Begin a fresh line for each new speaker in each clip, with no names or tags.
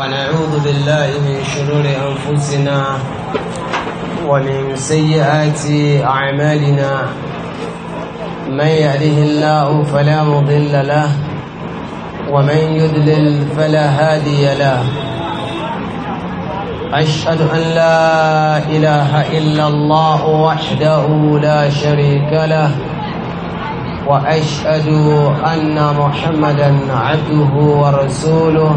ونعوذ بالله من شرور أنفسنا ومن سيئات أعمالنا من يهده الله فلا مضل له ومن يدلل فلا هادي له أشهد أن لا إله إلا الله وحده لا شريك له وأشهد أن محمدا عبده ورسوله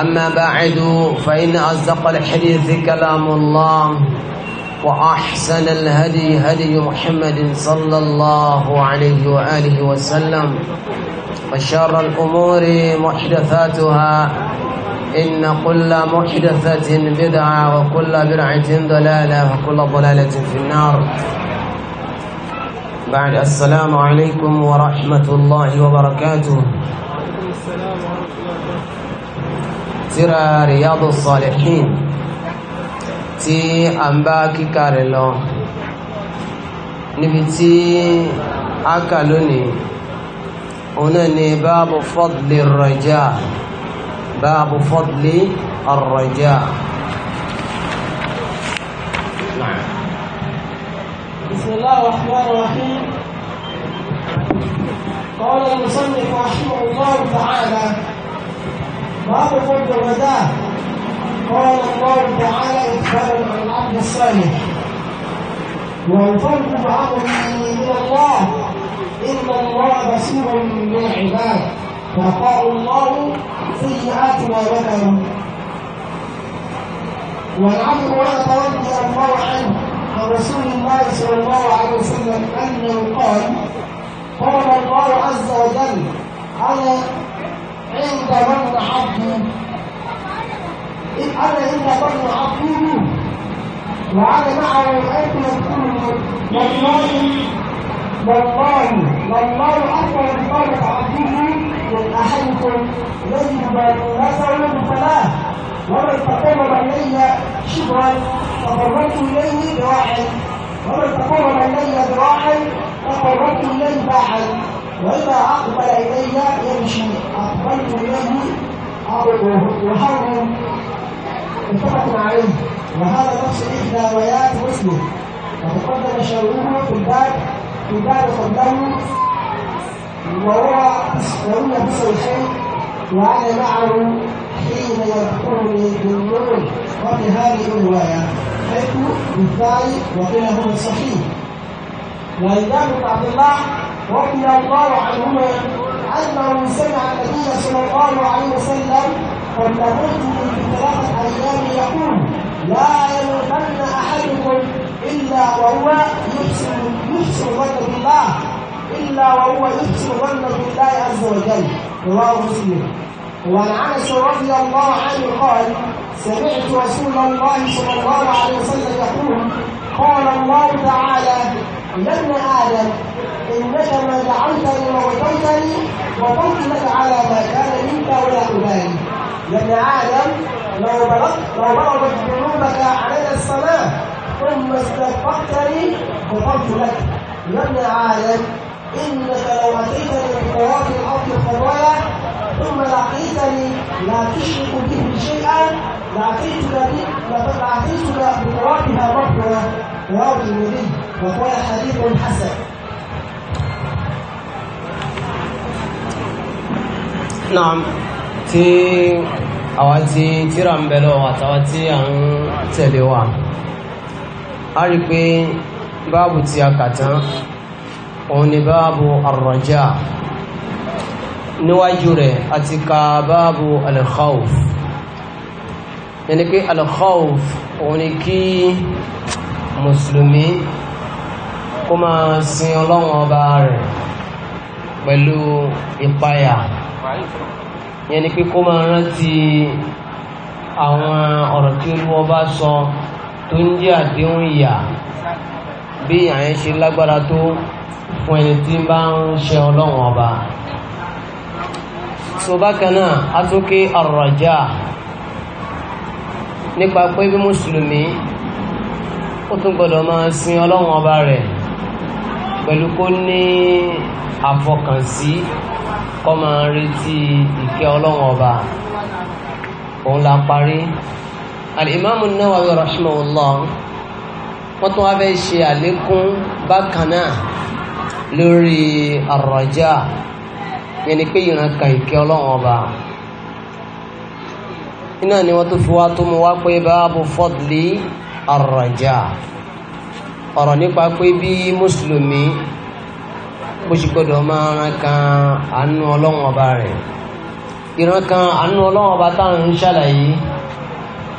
أما بعد فإن أصدق الحديث كلام الله وأحسن الهدي هدي محمد صلى الله عليه وآله وسلم وشر الأمور محدثاتها إن كل محدثة بدعة وكل بدعة ضلالة وكل ضلالة في النار بعد السلام عليكم ورحمة الله وبركاته tíra Riyadu Salihin tí a ń bá kíkà rẹ̀ lọ níbi tí a kà lónìí òun náà ni báàbù fadli rọjá báàbù fadli rọjá.
بسم الله الرحمن الرحيم قال المصنف رحمه الله تعالى باب فرض الغداء قال الله تعالى ادخلوا العبد الصالح والفرد بعض من الله ان الله بصير بالعباد فقال الله سيئات ما بدلوا والعبد ولا رضي الله عنه عن رسول الله صلى الله عليه وسلم انه قال قال الله عز وجل انا عند من عبده إذ أنا إلا من عبده وأنا معه الآن يذكرني والله والله والله أكبر بقولة عبده من أحدكم يجب أن يسأل بالصلاة ومن تقرب بالليل شبرا تقربت إليه ذراعا ومن تقرب بالليل ذراعا تقربت إليه باعا وإذا أقبل إلي يمشي أقبلت إليه وحرم متفق عليه وهذا نفس إحدى روايات مسلم وتقدم شرعه في الباب في الباب قبله وهو وهو نفس الشيء وأنا معه حين يذكرني بالنور وفي هذه الرواية حيث بالثاني وقيل هو الصحيح وإمام عبد الله رضي الله عنهما انه سمع النبي صلى الله عليه وسلم قبل موته بثلاثه ايام يقول لا يموتن احدكم الا وهو يحسن يحسن ظن بالله الا وهو يحسن ظن بالله عز وجل رواه مسلم وعن انس رضي الله عنه قال سمعت رسول الله صلى الله عليه وسلم يقول قال الله تعالى يا ابن ادم إنك ما جعلتني ووصلتني وقلت لك على ما كان منك ولا أبالي لأن آدم لو بلغت لو بلغت ذنوبك على السماء ثم استغفرتني غفرت لك يا ابن آدم إنك لو أتيتني بقوات الأرض خطايا ثم لقيتني لا تشرك به شيئا لأتيتك لأتيتك بطوافها ربنا رواه الترمذي وقال حديث حسن
naam ti àwa ti tíra ń bẹ lọ́wọ́ àtàwa tí à ń tẹ̀lé wa a rí pé báàbù tí a kà tán òun ni báàbù ar níwájú rẹ̀ a ti ka báàbù al-khawf yẹni pé al-khawf òun ni kí mùsùlùmí kó máa sin ọlọ́wọ́n ọba rẹ̀ pẹ̀lú ìpayà yẹn ni pé kó máa rántí àwọn ọ̀rọ̀ tí olúwọ́ bá sọ tó ń jẹ́ àdéhùn ìyà bí àyẹn ṣe lágbára tó fún ẹni tí bá ń ṣe ọlọ́run ọba so bákan náà a tún ké àrọ̀jà nípa pé bí mùsùlùmí ó tún gbọdọ̀ máa sin ọlọ́run ọba rẹ̀ pẹ̀lú kó ní àfọkànsí kọ́ máa retí ìkẹ́ ọlọ́run ọba òun la parí alimami Nawawi rahimahullah wọ́n tún wá fẹ́ ṣe àlékún bákan náà lórí àrọ̀já yẹn ni pé ìran kan ìkẹ́ ọlọ́run ọba iná ni wọ́n tó fi wá tó mu wá pé báàbù fọ́dùlì àrọ̀já ọ̀rọ̀ nípa pé bí mùsùlùmí bó ṣe gbọdọ̀ máa ran kan àánú ọlọ́run ọba rẹ̀ ìran kan àánú ọlọ́run ọba táwọn ń ṣàlàyé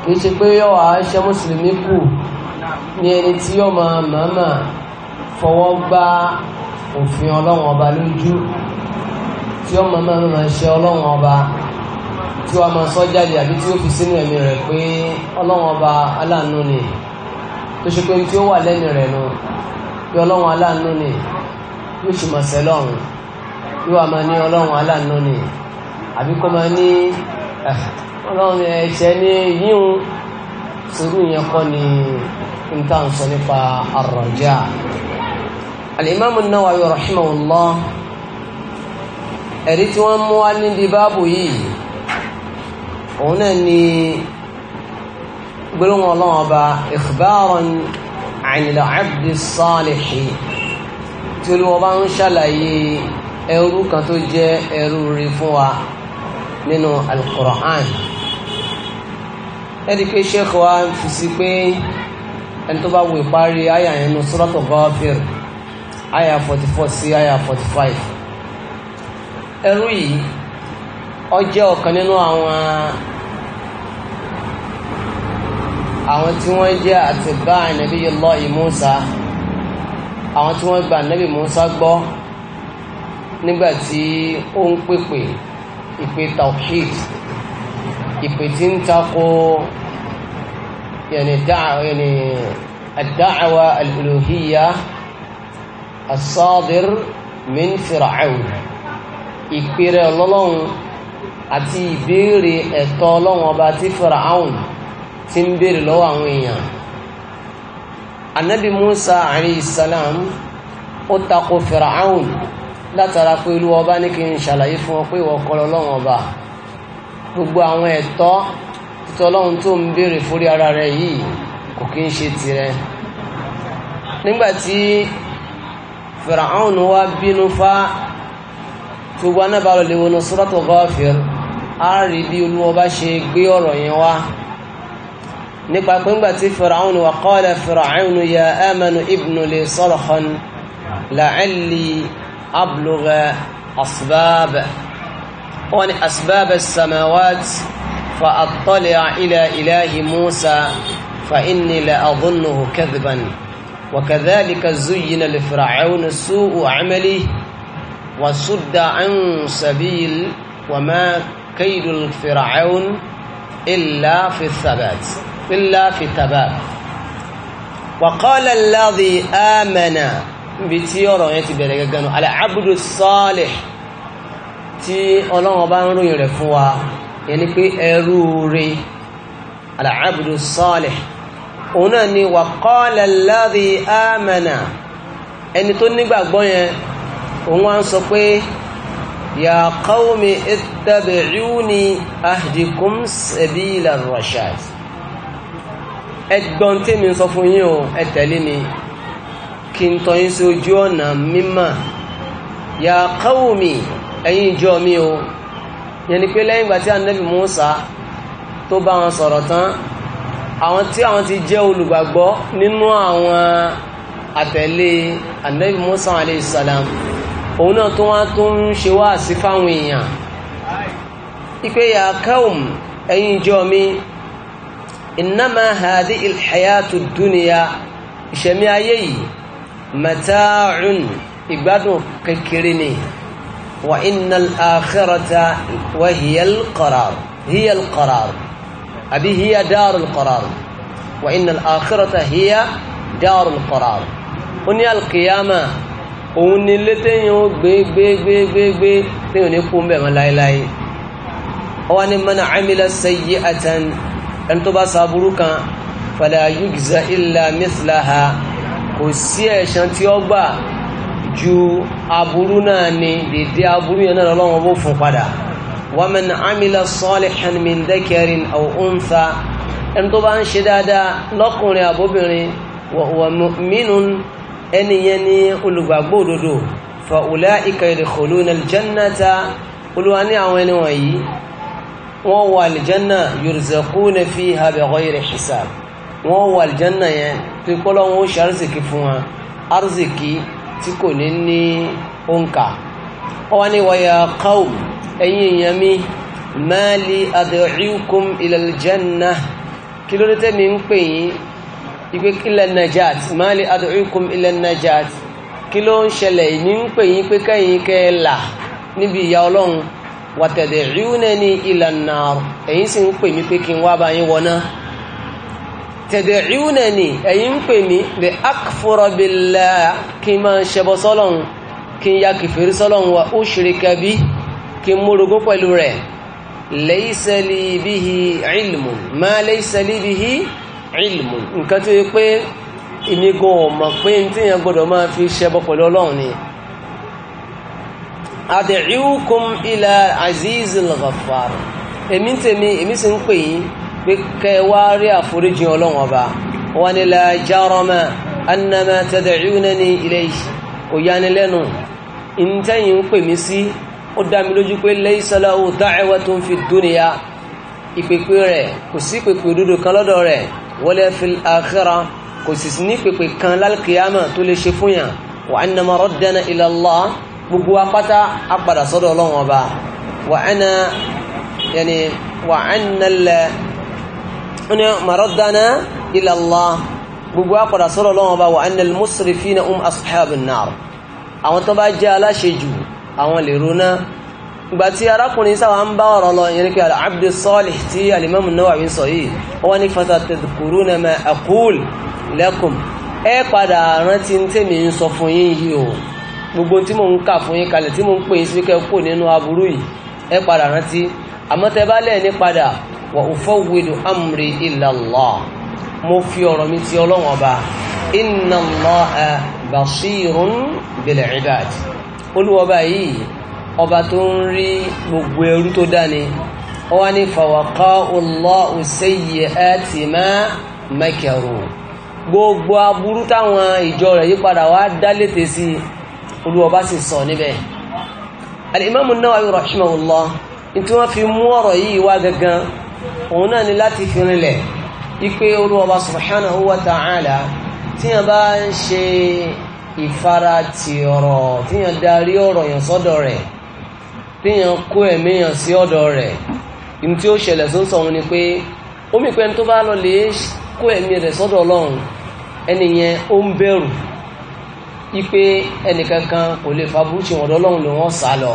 kì í ṣe pé yọ wàá mùsùlùmí kù ní ẹni tí yọ máa màmá fọwọ́ gbá òfin ọlọ́run ọba lójú tí yọ máa màmá ṣe ọlọ́run ọba tí wàá máa sọ jáde àbí tí ó fi sínú ẹ̀mí rẹ̀ pé ọlọ́run ọba aláàánú ni tó ṣe pé tí ó wà lẹ́nu rẹ̀ nu pé ọlọ́run aláàánú ni yóò sì máa sẹ́ lọ́rùn yóò wá máa ní ọlọ́run aláàánú ni àbí kọ́ máa ní ah, ọlọ́run ẹ̀ṣẹ̀ ní yíhun sùúrù yẹn kọ́ ni n ta n sọ nípa àrọ̀jà. alimami Nawawi rahimahullah ẹ̀rí tí wọ́n mú wá níbi báàbù yìí òun náà ni gbólóhùn ọlọ́run ọba ikhbaran 'an al-'abdi as tí olúwa bá ń ṣàlàyé ẹrú kan tó jẹ́ ẹrú rí fún wa nínú alukur'an ẹni pé sheikh wa fi si pé ẹni tó bá wo ìparí àyà yẹn nu suratul Ghafir àyà forty four sí àyà forty five ẹrú yìí ó jẹ́ ọ̀kan nínú àwọn àwọn tí wọ́n jẹ́ àtìbá Nabiyullahi Musa àwọn tí wọ́n gba nẹ́bì Musa gbọ́ nígbà tí ó ń pèpè ìpè tawhid ìpè tí ń takò yẹni ad-da'wa al-uluhiyya as-sadir min àti ìbéèrè ẹ̀tọ́ ọlọ́run ọba tí Fir'aun ti ń béèrè lọ́wọ́ àwọn èèyàn anabi musa alayhi salam ó takò fìràhùn látara pé olú ọba ní kí n ṣàlàyé fún ọ pé ìwọ kọ́ lọ́wọ́n ọba gbogbo àwọn ẹ̀tọ́ tọ́lọ́run tó ń béèrè fórí ara rẹ̀ yìí kò kí ń ṣe tirẹ̀ nígbàtí fìràhùn wá bínú fá gbogbo anábàárọ̀ lè wọnú á rí bí olú ọba ṣe gbé ọ̀rọ̀ yẹn wá. نيكو كون باتي فرعون وقال فرعون يا آمن ابن لي صلخا لعلي أبلغ أسباب وان أسباب السماوات فأطلع إلى إله موسى فإني لأظنه كذبا وكذلك زين لفرعون سوء عمله وصد عن سبيل وما كيد الفرعون إلا في الثبات illa fi tabab wa qala alladhi amana níbi tí ọ̀rọ̀ yẹn ti bẹ̀rẹ̀ gẹ́gẹ́ nù al-abdu salih tí ọlọ́run bá ń ròyìn rẹ̀ fún wa yẹn ni pé ẹrú rẹ̀ al-abdu salih òun ni wa qala alladhi amana ẹni tó nígbàgbọ́ yẹn òun wá ń sọ pé ya qawmi ittabi'uni ahdikum sabila rashad ẹgbọ́n tí mi sọ fún yín o ẹ tẹ̀lé mi kí n tọ́ yín sí ojú ọ̀nà mímọ́ ya qawmi ẹ̀yin ìjọ mi o yẹn ni pé lẹ́yìn ìgbà tí anabi Musa tó bá wọn sọ̀rọ̀ tán àwọn tí àwọn ti jẹ́ olùgbàgbọ́ nínú àwọn àtẹ̀lé anabi Musa alayhi salam òun náà tó wá tó ń ṣe wá sí fáwọn èèyàn ipe ya qawm ẹ̀yin ìjọ mi. إنما هذه الحياة الدنيا شميعي متاع إبادو ككرني وإن الآخرة وهي القرار هي القرار أبي هي دار القرار وإن الآخرة هي دار القرار ونيا القيامة òun ni بي بي بي بي بي gbé téèyàn ní kú mbẹ̀mọ́ láéláé ọwọ́ ni ku mbemo laelae owo ẹni tó bá sàbúrú kan fala yujza illa mithlaha kò sí ẹ̀san tí ó gbà ju aburú náà ni dèdè aburú yẹn náà lọ́wọ́ bó fún padà wa man amila salihan min dhakarin aw untha ẹni tó bá ń ṣe dáadáa lọ́kùnrin àbóbìnrin wa mu'minun ẹni yẹn ní olùgbàgbọ́ òdodo fa ulaika yadkhuluna al-jannata olúwa wọ́n wà aljanna yurzaquna fiha bighayri hisab wọ́n wà aljanna yẹn pé kọ́lọ́ wọn ó ṣe arzikì fún wa arzikì tí kò ní ní òǹkà wọ́n ní wa ya qawm ẹ̀yin èèyàn mi mali ad'ukum ila aljanna kí ló dé tẹ́ mi ń pè yín ìpè ila najat mali ad'ukum ila najat kí ló ń ṣẹlẹ̀ ní ń pè yín pé kẹ́yìn kẹ́ là níbi ìyà ọlọ́run wàtẹ̀dẹ̀ ríúnẹ́ni ìlànà ẹ̀yin sì ń pè mí pé kí n wá bá yín wọná tẹ̀dẹ̀ ríúnẹ́ni ẹ̀yin ń pè mí bẹ̀ akfọ́rọ̀bìlá kí n máa ṣẹbọ sọ́lọ́hun kí n ya kìfèrí sọ́lọ́hun wa ó ṣeré kẹbí kí n múrogó pẹ̀lú rẹ̀ lẹ́yìsẹ́lì bíhi ad'ukum ila azizil ghaffar èmi tèmi èmi sì ń pè yín pé kẹwa rí àforíjì ọlọ́wọ́n ọba wọn ni la jarama annama tad'unani ilayhi kò yánilẹ́nu ìntẹ́yìn ń pè mí sí ó dá mi lójú pé laysa lahu da'watun fid dunya ìpèpè rẹ̀ kò sí pèpè òdodo kan lọ́dọ̀ rẹ̀ wala fil akhirah kò sì ní pèpè kan lálkìyàmà tó lè ṣe fún yàn wa annama raddana ila Allah gbogbo apáta apadà sọ́dọ̀ ọlọ́run ọba wà ánà yẹni wà ánà lẹ ní maradana ila Allah gbogbo apadà sọ́dọ̀ ọlọ́run ọba wà ánà musrifina um ashabun nar àwọn tó bá jẹ́ aláṣejù àwọn lè rona ìgbà tí arákùnrin sáwà ń bá ọ̀rọ̀ lọ yẹni pé al-abdu salih tí al-imam an sọ yìí wọ́n ní fasatadhkuruna ma aqul lakum ẹ padà rántí tèmi ń sọ fún yín yìí o gbogbo tí mò ń kà fún yín kalẹ̀ tí mò ń pè yín sí kẹ́ kó nínú aburú yìí ẹ padà rántí àmọ́ tẹ bá lẹ́ẹ̀ ní padà wa ufawwidu amri ila Allah mo fi ọ̀rọ̀ mi ti Ọlọ́hun Ọba inna Allaha basirun bil ibad olúwọba yìí ọba tó ń rí gbogbo ẹrú tó dání ó wá ní fawaqa'u Allahu sayyi'ati ma makaru gbogbo aburú táwọn ìjọ rẹ̀ yípadà wá dá sí i olúwa bá sì sọ níbẹ̀ al-Imam an-Nawawi rahimahullah tí wọ́n fi mú ọ̀rọ̀ yìí wá gangan òun náà ni láti fi rinlẹ̀ ipe olúwa subhanahu wa ta'ala tí yẹn bá ń ṣe ìfaratì ọ̀rọ̀ tí yẹn darí ọ̀rọ̀ yẹn sọ́dọ̀ rẹ̀ tí yẹn kó ẹ̀mí yẹn sí ọ̀dọ̀ rẹ̀ tí ó ṣẹlẹ̀ tó sọ ni pé omi ìpẹ́ni tó bá lọ lè kó ẹ̀mí rẹ̀ sọ́dọ̀ ọlọ́run ẹni yẹn ó ń bẹ̀rù ipe ẹnìkankan kò lè faburú ṣe ọ̀dọ́ ọlọ́run ló wọ́n sá lọ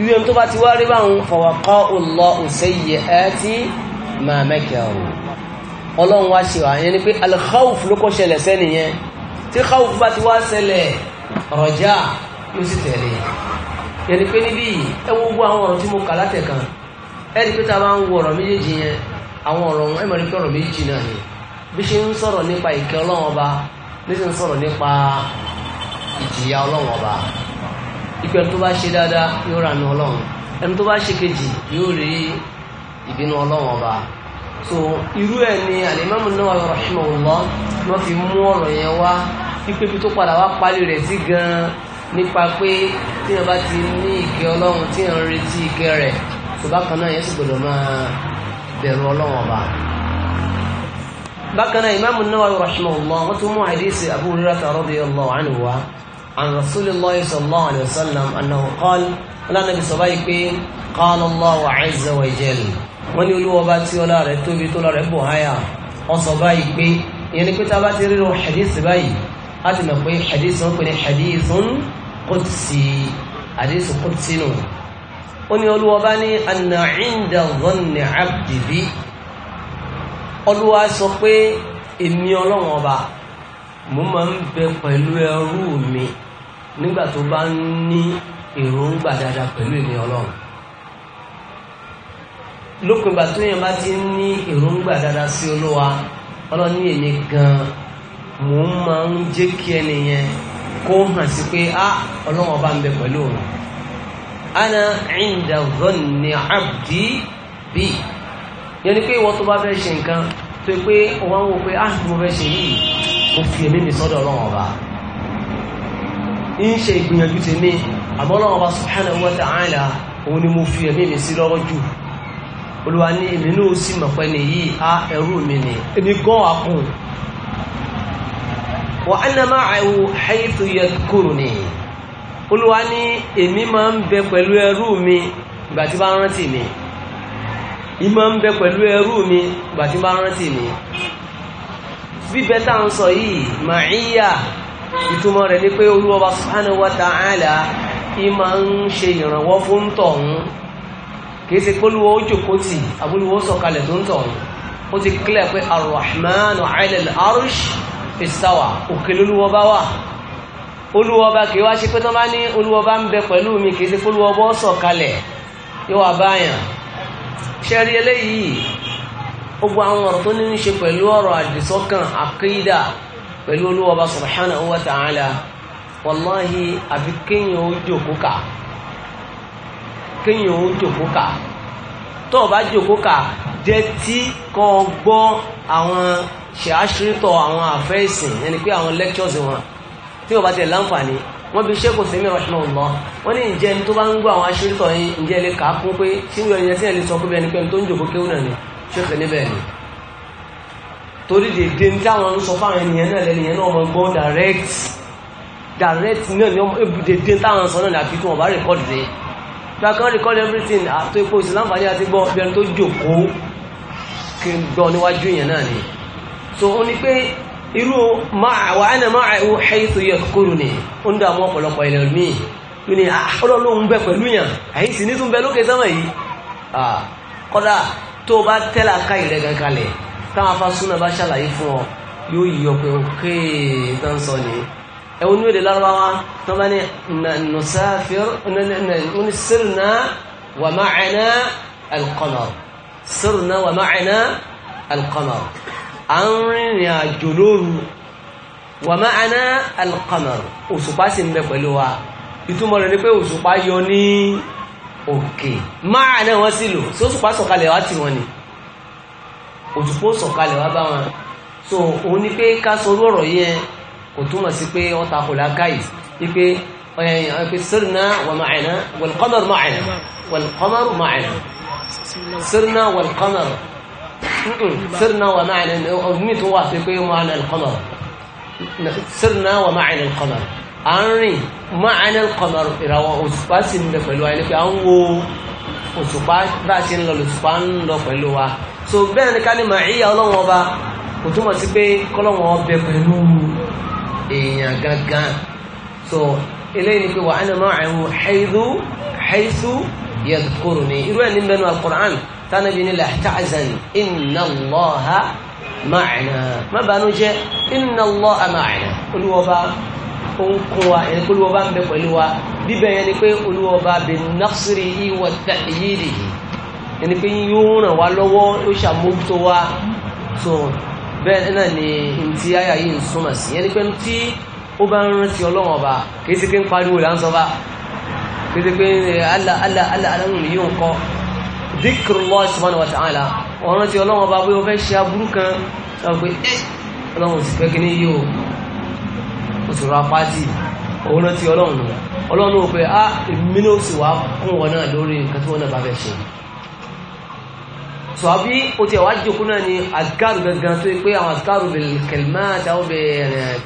irú ẹni tó bá ti wá rí báwọn fọwọ́kọ́ ọlọ́ òṣèyí ẹ tí máa O ọlọ́run wá ṣe àyẹn ni pé alkhawf ló kọ́ ṣẹlẹ̀ sẹ́ni yẹn tí khawf bá ti wá ṣẹlẹ̀ rọjá yóò sì tẹ̀lé yẹn ni pé níbí ẹ wo gbọ́ àwọn ọ̀rọ̀ tí mo kà látẹ̀kan ẹ rí pé tá a bá ń wo ọ̀rọ̀ méjèèjì yẹn àwọn ọ̀rọ̀ ẹ mọ̀ ní pé ọ̀rọ̀ méjì náà ni bí ṣe ń sọ̀rọ̀ nípa ìkẹ́ ọlọ́run ọba bí ṣe ń sọ̀rọ̀ nípa ìyá ọlọ́run ọba ìpẹ́ tó bá ṣe dáadáa yóò rà ní ọlọ́run ẹni tó bá ṣe kejì yóò rí ìbínú ọlọ́run ọba so irú ẹ̀ ni alimami náà rahimahullah ni wọ́n fi mú ọ̀rọ̀ yẹn wá wípé bí tó padà wá parí rẹ̀ sí gan-an nípa pé tí wọ́n bá ti ní ìkẹ́ ọlọ́run tí wọ́n retí ìkẹ́ rẹ̀ tó bákan náà yẹn sì gbọ́dọ̀ máa bẹ̀rù ọlọ́run ọba bákan náà imaamu náà rahimahullah wọ́n tún mú hadisi abu hurairah radiyallahu anhu wá. عن رسول الله صلى الله عليه وسلم أنه قال ولا نبي صبايك قال الله عز وجل wọ́n ní olúwọ́ bá tí ọlá rẹ̀ tóbi tó lọ rẹ̀ bò háyà wọ́n sọ báyìí pé ìyẹn ni pé tá a bá ti rírun hadith báyìí a ti mọ̀ pé hadith wọn pè ní hadith qudsi hadith qudsi nù. ó ní olúwọ́ bá ní anna inda dhanni abdi bi olúwa sọ pé èmi ọlọ́wọ́n ọba mo máa ń bẹ pẹ̀lú ẹrú mi. nígbà tó bá ń ní èròǹgbà dáadáa pẹ̀lú èmi ọlọ́run lópin ìgbà tó yẹn bá ti ń ní èròǹgbà dáadáa sí olúwa ọlọ́run ní èmi gan mò ń máa ń jẹ́ kí ẹni yẹn kó hàn sí pé á ọlọ́run ọba ń bẹ pẹ̀lú ana inda dhanni abdi bi yẹn ni pé ìwọ tó bá fẹ́ ṣe nǹkan tó yẹ pé wọ́n wò pé á mo fẹ́ ṣe yìí fi èmi mi sọ́dọ̀ ọlọ́run ọba. ń ṣe ìgbìyànjú ti ní àmọ́lọ́wọ́ bá subhanahu wa ta'ala òun ni mo fi ẹ̀mí mi sí lọ́wọ́ jù olúwa ní èmi náà sì mọ̀ pé ní yìí á ẹrú mi ni èmi gan akùn wa anna ma'ahu haythu yadhkuruni olúwa ní èmi máa ń bẹ pẹ̀lú ẹrú mi ìgbà tí bá rántí mi èmi máa ń bẹ pẹ̀lú ẹrú mi ìgbà tí bá rántí mi bíbẹ táwọn sọ yìí màáyà ìtumọ̀ rẹ̀ ní pé olúwa subhanahu wa ta'ala ìmọ̀ ń ṣe ìrànwọ́ fún tọ̀hún kìí ṣe pólúwọ́ ó jòkó tì àbúlúwọ́ sọ̀kalẹ̀ tó ń tọ̀hún ó ti kílẹ̀ pé arrahmanu ala al-arsh istawa òkè lólúwọ́ bá wà olúwa bá kìí wá ṣe pé tán bá ní olúwa bá ń bẹ pẹ̀lú mi kìí ṣe pólúwọ́ sọ̀kalẹ̀ yóò wá báyàn ṣẹ́rí eléyìí gbogbo àwọn ọ̀rọ̀ tó ní í ṣe pẹ̀lú ọ̀rọ̀ àdìsọ́kàn àkídà pẹ̀lú olúwa ọba subhanahu wa ta'ala wàláhì àfi kéèyàn ó jòkó kà kéèyàn ó jòkó kà tó o bá jòkó kà jẹ́ tí kọ́ ọ gbọ́ àwọn ṣàṣírítọ̀ àwọn àfẹ́sìn ẹni pé àwọn lectures wọn tí o bá tẹ̀ láǹfààní wọ́n bí ṣẹ́kù sẹ́mi rahimahullah wọ́n ní ìjẹ́ ẹni tó bá ń gbọ́ àwọn aṣírítọ̀ yìí ìjẹ́ lè kà á kún pé tí wọ́n yẹn sí ẹ̀ lè sọ pé bẹ́ẹ̀ pé ẹni tó ń jòkó kéwù náà ni ṣé fẹ́ níbẹ̀ ni torí dèdè ní táwọn ń sọ fáwọn ènìyàn náà lẹ́nìyàn náà mọ̀ gbọ́ direct direct náà ni dèdè táwọn sọ náà ní àbí tí wọ́n bá record rẹ̀ tó akán record everything àtò epo ìsìlámù àti àti gbọ́ ọbẹ̀ tó jòkóó kí n gbọ́ níwájú yẹn náà ni so ó ní pé irú wà á nà máa ẹ̀wọ̀ haythu yadhkuruni ó ń mi tó ní ọlọ́run bẹ pẹ̀lú yàn àyè sì ní tún bẹ lókè sánmà yìí kọ́dà tó o bá táwọn afásúnà bá ṣàlàyé fún ọ yóò yí ọpẹ òkè tó ń sọ ní ẹwọn ní èdè lárúbáwá tó bá ní nùsáfíìr ní sírnà wà máàná alqamar sírnà wà máàná alqamar à ń rìnrìn àjò lóru wà máàná alqamar òṣùpá sì ń bẹ pẹ̀lú wa ìtumọ̀ rẹ̀ ni pé òṣùpá yọ ní òkè máàná wọn sì lò sóṣùpá sọ̀kalẹ̀ wá tì wọ́n ni òtúpó sọ̀kalẹ̀ wá bá wọn so òun ni pé ká sọ ọ̀rọ̀ yẹn kò túmọ̀ sí pé wọ́n takò lákàyè ni pé pé sirna wa ma'ana wal qamar ma'ana wal qamar ma'ana sirna wal qamar sirna wa ma'ana ọdún tó wà sí pé ma'ana al qamar sirna wa ma'ana al qamar à ń rìn ìràwọ̀ òṣùpá sí ní òṣùpá bá a ṣe ń lọ lòṣùpá ń lọ pẹ̀lú wa so bẹ́ẹ̀ ni ká ní màá ìyá ọlọ́wọ́n ọba kò túmọ̀ sí pé kọ́lọ́wọ́n ọbẹ̀ pẹ̀lú èèyàn gangan so eléyìí ni pé wà á ní ọmọ àwọn haythu haythu yadhkuruni irú ẹ̀ ní mẹ́nu al-Qur'an tánàbí ni la tahzan inna Allah ma'ana má bànújẹ́ inna Allaha ma'ana olúwọba ó ń kún wa ẹni pé olúwa bá ń bẹ pẹ̀lú wa bíbẹ̀ yẹn ni pé olúwa bá bẹ nafsiri yìí wọ tẹ̀yìí rè yìí ẹni pé yóò ràn wá lọ́wọ́ ó ṣàmójútó wa tó bẹ́ẹ̀ náà ni ntí àyà yìí ń súnmọ̀ sí ẹni pé tí ó bá ń rántí ọlọ́run ọba kìí ṣe pé ń pariwo là ń sọ bá kìí ṣe pé ala ala ala aláwọ̀ ni yóò kọ́ dhikrullah subhanahu wa ta'ala ọ̀rántí ọlọ́run ọba pé ó fẹ́ ṣe aburú kan sọ eh, òṣòro apáti òun náà ti ọlọ́run nù ọlọ́run ò pé á ah, èmi náà sì wá kún wọn náà lórí nǹkan tí wọ́n náà bá fẹ́ ṣe sọ àbí o ti àwọn àjòkú náà ni azkaru gangan tó pé àwọn azkaru bil kalimat àwọn bẹ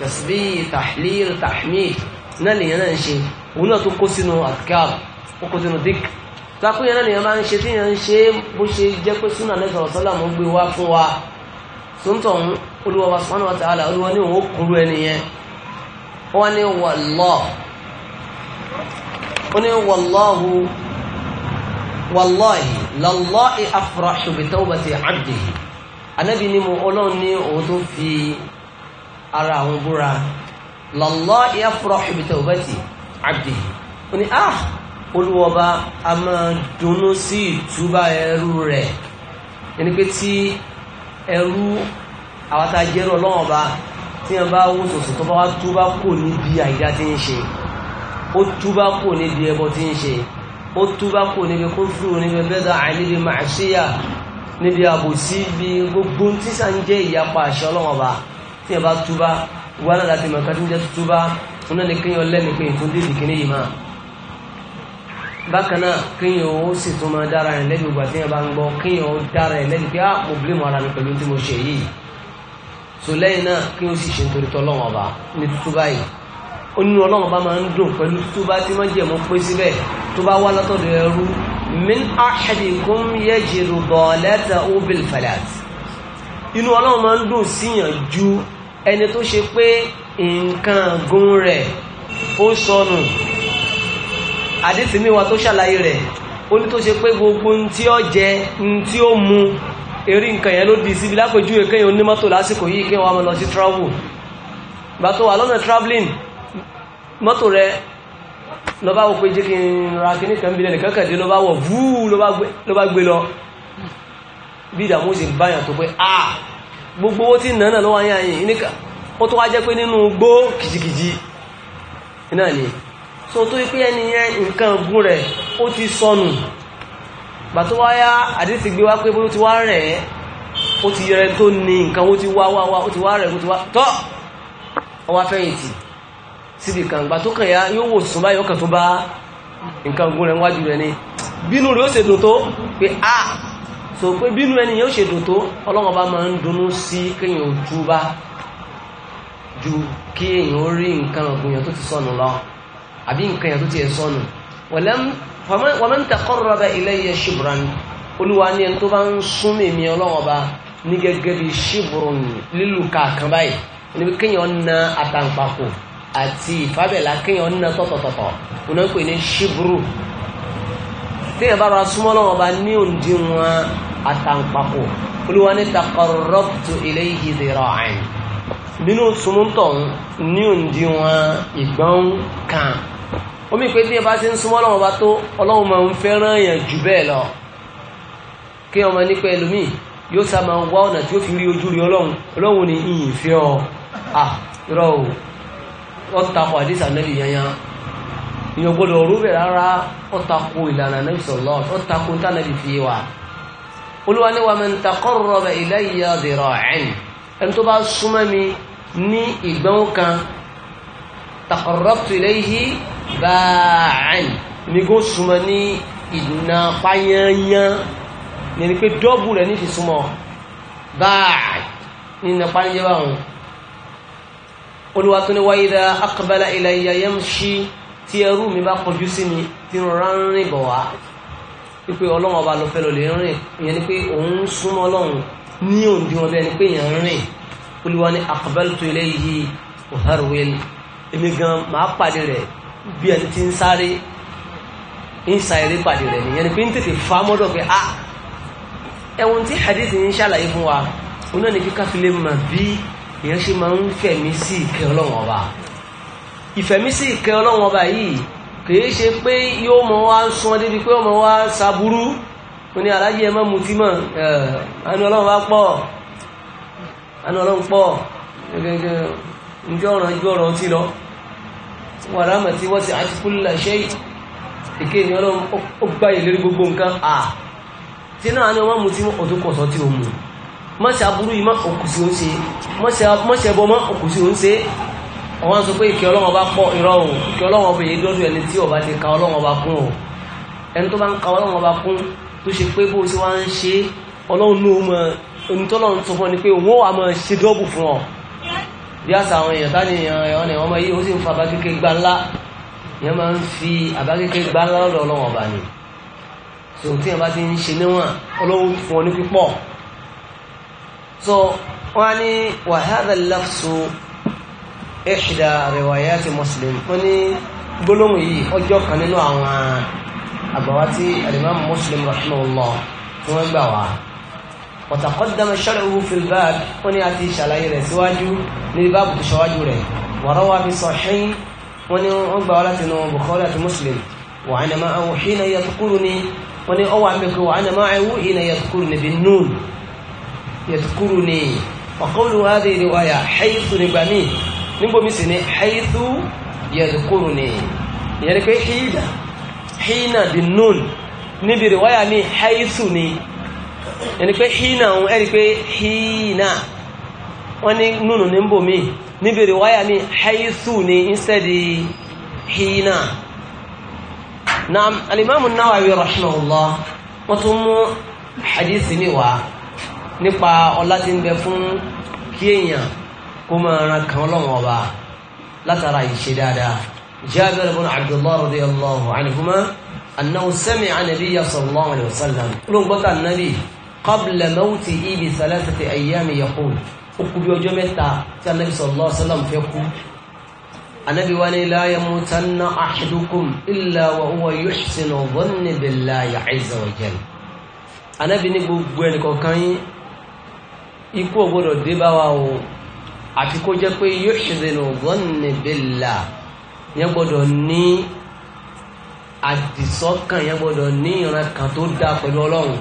tasbih tahlil tahmid náà lèyàn náà ń ṣe òun náà tó kó sínú azkaru ó kó sínú dik lápúyẹ náà lèyàn máa ń ṣe tí yẹn ń ṣe bó ṣe jẹ́ pé súnà lẹ́sọ̀rọ̀ sọ́là mọ́ gbé wá fún wa tó ń tọ̀hún olúwa wa subhanahu wa ta'ala olúwa ní òun ó kúrú ẹni yẹn wọ́n ní wallah wọ́n ní wallahu wallahi lallahi afrahu bi tawbati abdihi anabi ni mo ọlọ́run ní òun tó fi ara àwọn búra lallahi afrahu bi tawbati abdihi wọ́n ní ah olúwọba a máa dunnú sí ìtúbà ẹrú rẹ̀ ẹni pé tí ẹrú àwọn tá a jẹ́rú ọlọ́run tí wọ́n bá wó sòsò tó bá wá túbá kò níbi àìdá tí ń ṣe ó túbá kò níbi ẹbọ tí ń ṣe ó túbá kò níbi kó fúru níbi bẹ́dà àìníbi màṣíyà níbi àbòsí bí gbogbo tí sàn jẹ́ ìyapa àṣẹ ọlọ́wọ́n bá tí wọ́n bá túbá wọ́n náà láti mọ̀ká tí ń jẹ́ túbá wọn náà ni kéèyàn lẹ́nu pé nǹkan dé ìdíkíní yìí máa bákan náà kéèyàn ó sì tún máa dára ẹ̀ lẹ́nu ìgbà tí wọ́n bá ń gbọ́ kéèyàn ó dára ẹ̀ lẹ́nu pé á ah, mo ara mi pẹ̀lú tí mo ṣe yìí so lẹ́yìn náà kí o sì ṣe nítorí tọ́lọ́wọ́n ọba ní tútú báyìí ó nínú ọlọ́wọ́n ọba máa ń dùn pẹ̀lú tútú bá tí wọ́n jẹ̀ mọ́ pé síbẹ̀ tó bá wá látọ̀dọ̀ ẹrú min ahadikum yajiru dọ̀ọ̀lẹ́tà obil falat inú ọlọ́wọ́n máa ń dùn síyàn ju ẹni tó ṣe pé nǹkan gun rẹ̀ ó sọnù àdìsí mi wa tó ṣàlàyé rẹ̀ ó ní tó ṣe pé gbogbo ntí ó jẹ ntí ó mu eré nǹkan yẹn ló di síbi lápẹjú ẹ̀kẹ́ yẹn onímọ́tò lásìkò yìí kí wọ́n lọ sí travel ìgbà tó wà lọ́nà traveling mọ́tò rẹ lọ bá wọ pé jẹ́ kí n ra kí nìkan bí lẹ́nìkan kẹ̀dé lọ bá wọ̀ vúú lọ bá gbé lọ bí ìdààmú sì báyàn tó pé a gbogbo owó tí nàánà ló wáyé àyìn níkà ó tó wá jẹ́ pé nínú gbó kìjìkìjì náà ni so tó yí pé ẹni yẹn nǹkan gún rẹ̀ ó ti sọnù gbà tó wáyá àdísì gbé wá pé bó ti wá rẹ̀ ó ti yẹrẹ tó ní nǹkan ó ti wá wá wá ó ti wá rẹ̀ ó ti wá tọ́ ọwá fẹ̀yìntì síbi kan gbà tó kàn yá yóò wò sùn báyìí ọkàn tó bá nǹkan ogun rẹ̀ wájú rẹ̀ ni bínú rẹ̀ ó ṣe dùn tó pé a so pé bínú ẹni yóò ṣe dùn tó ọlọ́wọ́n bá máa ń dunnú sí kéèyàn ò túbá ju kí èèyàn ó rí nǹkan ọ̀gbìn yẹn tó ti sọnù lọ àbí nǹkan yẹn tó ti ẹ̀ sọnù wọ̀lẹ́mú wa man taqarraba ilayya shibran olúwa ní ẹni tó bá ń sún mímí ọlọ́run ọba ní gẹ́gẹ́ bí shibran lílù kàkan báyìí níbi kéèyàn na àtàǹpàkò àti ìfábẹ̀lá kéèyàn na tọ̀tọ̀tọ̀tọ̀ oná pè ní shibru téèyàn bá rọra súnmọ́ ọlọ́run ọba ní òǹdíwọ̀n àtàǹpàkò olúwa ní taqarrabtu ilayhi dhira'an nínú súnmọ́tọ̀ ní òǹdíwọ̀n ìgbọ́n kan omi pé bí ẹ bá ti ń súnmọ́ ọlọ́run bá tó ọlọ́run máa ń fẹ́ràn èèyàn jù bẹ́ẹ̀ lọ kí ọmọ nípa ẹlòmíì yóò sá máa wá ọ̀nà tí ó fi rí ojú rí ọlọ́run ọlọ́run ni ìyìn fẹ́ ọ à rọ o wọ́n takò àdìsá nẹ́bí yanyan èèyàn gbọ́dọ̀ rú bẹ̀ rárá wọ́n takò ìlànà nẹ́bí sọ̀lọ́ wọ́n takò níta nẹ́bí fi wà olúwa ní wa man taqarraba ilayya dira'an ẹni tó bá súnmọ́ mi ní ìgbọ́n kan taqarrabtu ilayhi báàán ní kó súnmọ́ ní ìdùnnà páyányán ní ni pé dọ́bù rẹ̀ ní fi súnmọ́ báàán ní ìdùnnà páyányán báwọn olùwà tó ní wáyé dá akọbẹ́lá ilẹ̀ yẹyẹm ṣí tí ẹrú mi bá kọjú sí mi tí ń ránrìn bọ̀ wá wípé ọlọ́run ọba ló fẹ́ rìn ìyẹn ni pé òun ń súnmọ́ ọlọ́run ní òǹdí wọn bẹ́ẹ̀ ni pé èèyàn ń rìn olùwà ní akọbẹ́lá tó ilẹ̀ yìí òhàrùwẹ́lì èmi gan màá pàdé rẹ̀ bí ẹni tí ń sáré ń sa eré pàdé rẹ̀ nìyẹn ni pé ń tètè fa mọ́dọ̀ pé a ah! ẹ̀wọ̀n tí hadith ń ṣàlàyé fún wa òun náà ni kíkà fi lè mọ̀ bí èèyàn ṣe máa ń fẹ̀mí sí ìkẹ́ ọlọ́run ọba ìfẹ̀mí sí ìkẹ́ ọlọ́run ọba yìí kìí ṣe pé yóò mọ wá ń sún débi pé ọmọ wá ṣàbúrú òun ni aláàjì ẹ má mutí mọ̀ àánú ọlọ́run bá pọ̀ àánú ọlọ́run pọ̀ gẹ́gẹ́ ǹjọ́ ọ̀ràn ju ọ̀ràn ọtí lọ wà rámàtí wọ́n ti àti kúlẹ̀ ṣe ìké ni ọlọ́run ó gbá ìlérí gbogbo nǹkan à tí náà ni wọ́n mú tí ọdún kọ̀sọ́ tí ó mú mọ́ṣẹ́ aburú yìí má òkú sí oúnṣe mọ́ṣẹ́ bọ́ má òkú sí oúnṣe wọ́n sọ pé ìkẹ́ ọlọ́run bá pọ̀ irọ́ òun ìkẹ́ ọlọ́run bèèrè dọ́dún ẹni tí ọba ti ka ọlọ́run bá kún o ẹni tó bá ń ka ọlọ́run bá kún tó ṣe pé bó ṣe wá ń ṣe ọlọ́run ló òun ó wà máa ṣe dọ́ọ̀bù fún ọ bí àṣà àwọn èèyàn tá ní èèyàn ẹ̀wọ̀n ni wọ́n máa yí ó sì ń fa abákéké gbá ńlá èèyàn máa ń fi abákéké gbá ńlá lọ́dọ̀ ọlọ́wọ̀n ọba ni so tí èèyàn bá ti ń ṣe níwọ̀n ọlọ́wọ́ fún ọ ní pípọ̀ so wọ́n á ní wàhálà lafsu ihda riwayati Muslim wọ́n ní gbólóhùn yìí ọjọ́ kan nínú àwọn àgbàwá tí al-Imam Muslim rahimahullah tí wọ́n gbà وتقدم شرعه في الباب ونأتي شلعي سواجه للباب تشواجه وروى بصحيح ونعب ولتنو بخولة مسلم وأنا معه حين يذكرني ونأوى بك وأنا معه حين يذكرني بالنون يذكرني وقول هذه رواية حيث نبني نبو مسني حيث يذكرني يعني كي حين حين بالنون نبي رواية حيث نبني ẹni pé hínà òun ẹni pé hínà wọ́n ní nùnù ní bò mí níbi ìwáyà ní haithu ní ìsẹ́dì hínà na alimamu Nawawi rahimahullah wọ́n tún mú hadisi ní wá nípa ọlá tí ń bẹ fún kí èèyàn kó máa ran kan ọlọ́wọ́n ọba látara ìṣe dáadáa Jabir ibn Abdullah radiyallahu anhuma annahu sami'a nabiyya sallallahu alaihi wasallam lóun gbọ́ta nabi qabla mawtihi bi thalathati ayyami yaqul ó kú bí ọjọ́ mẹ́ta tí anabi sallallahu alaihi wasallam fẹ́ kú anabi wa ni la yamutanna ahadukum illa wa huwa yuhsinu dhanna billahi azza wa jalla anabi ní gbogbo ẹnìkọ̀ọ̀kan yín ikú ò gbọ́dọ̀ dé bá wa o àti kó jẹ́ pé yuhsinu dhanna billahi yẹn gbọ́dọ̀ ní àdìsọ́kàn yẹn gbọ́dọ̀ ní ìran kan tó dáa pẹ̀lú ọlọ́run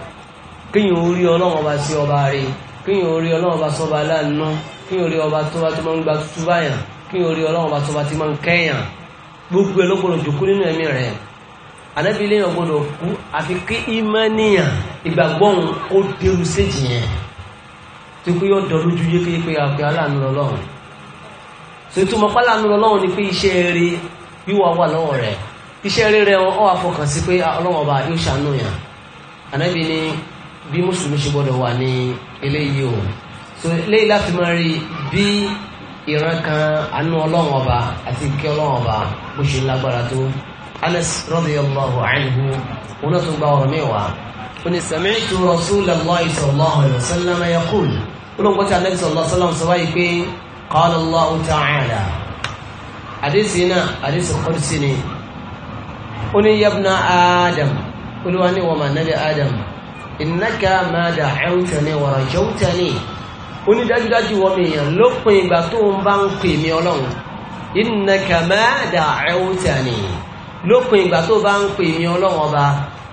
kíyàn orí ọlọ́wọ́n ọba sí ọba rí kíyàn orí ọlọ́wọ́n ọba sọba láàánú kíyàn orí ọba tó bá tó máa ń gba tuntun báyàn kíyàn orí bá sọba tí máa ń kẹ́yàn gbogbo ẹ̀ ló gbọdọ̀ jòkó nínú ẹ̀mí rẹ̀ ànábì ilé yẹn gbọdọ̀ kú àfi kí ìmánìyàn ìgbàgbọ́ òun kó dérú séjì yẹn àpè aláàánú lọ́lọ́run bí mùsùlùmí ṣe gbọ́dọ̀ wà ní eléyìí o so eléyìí láti máa rí bí ìran kan àánú ọlọ́run ọba àti ìkẹ́ ọlọ́run ọba bó ṣe lágbára tó Anas radiyallahu anhu wọn náà tún gba ọ̀rọ̀ mi wá ó ní sami'tu rasulallahi sallallahu alaihi wasallam yaqul olóńgbò tí anabi sallallahu alaihi wasallam sọ wáyé pé qala Allahu ta'ala àdéhìsí náà àdéhìsí kọ́dùsí ni ó ní yabna adam olúwa ní wọ́n mà nábì adam ìnáka máa dà ẹ̀rùtẹ̀ni wàrà jọ́tẹ̀ni onídájúdájú wọ́n mi yàn lópin ìgbà tó ń bá ń pè mí ọlọ́run ìnáka máa dà ẹ̀rùtẹ̀ni lópin ìgbà tó bá ń pè mí ọlọ́run ọba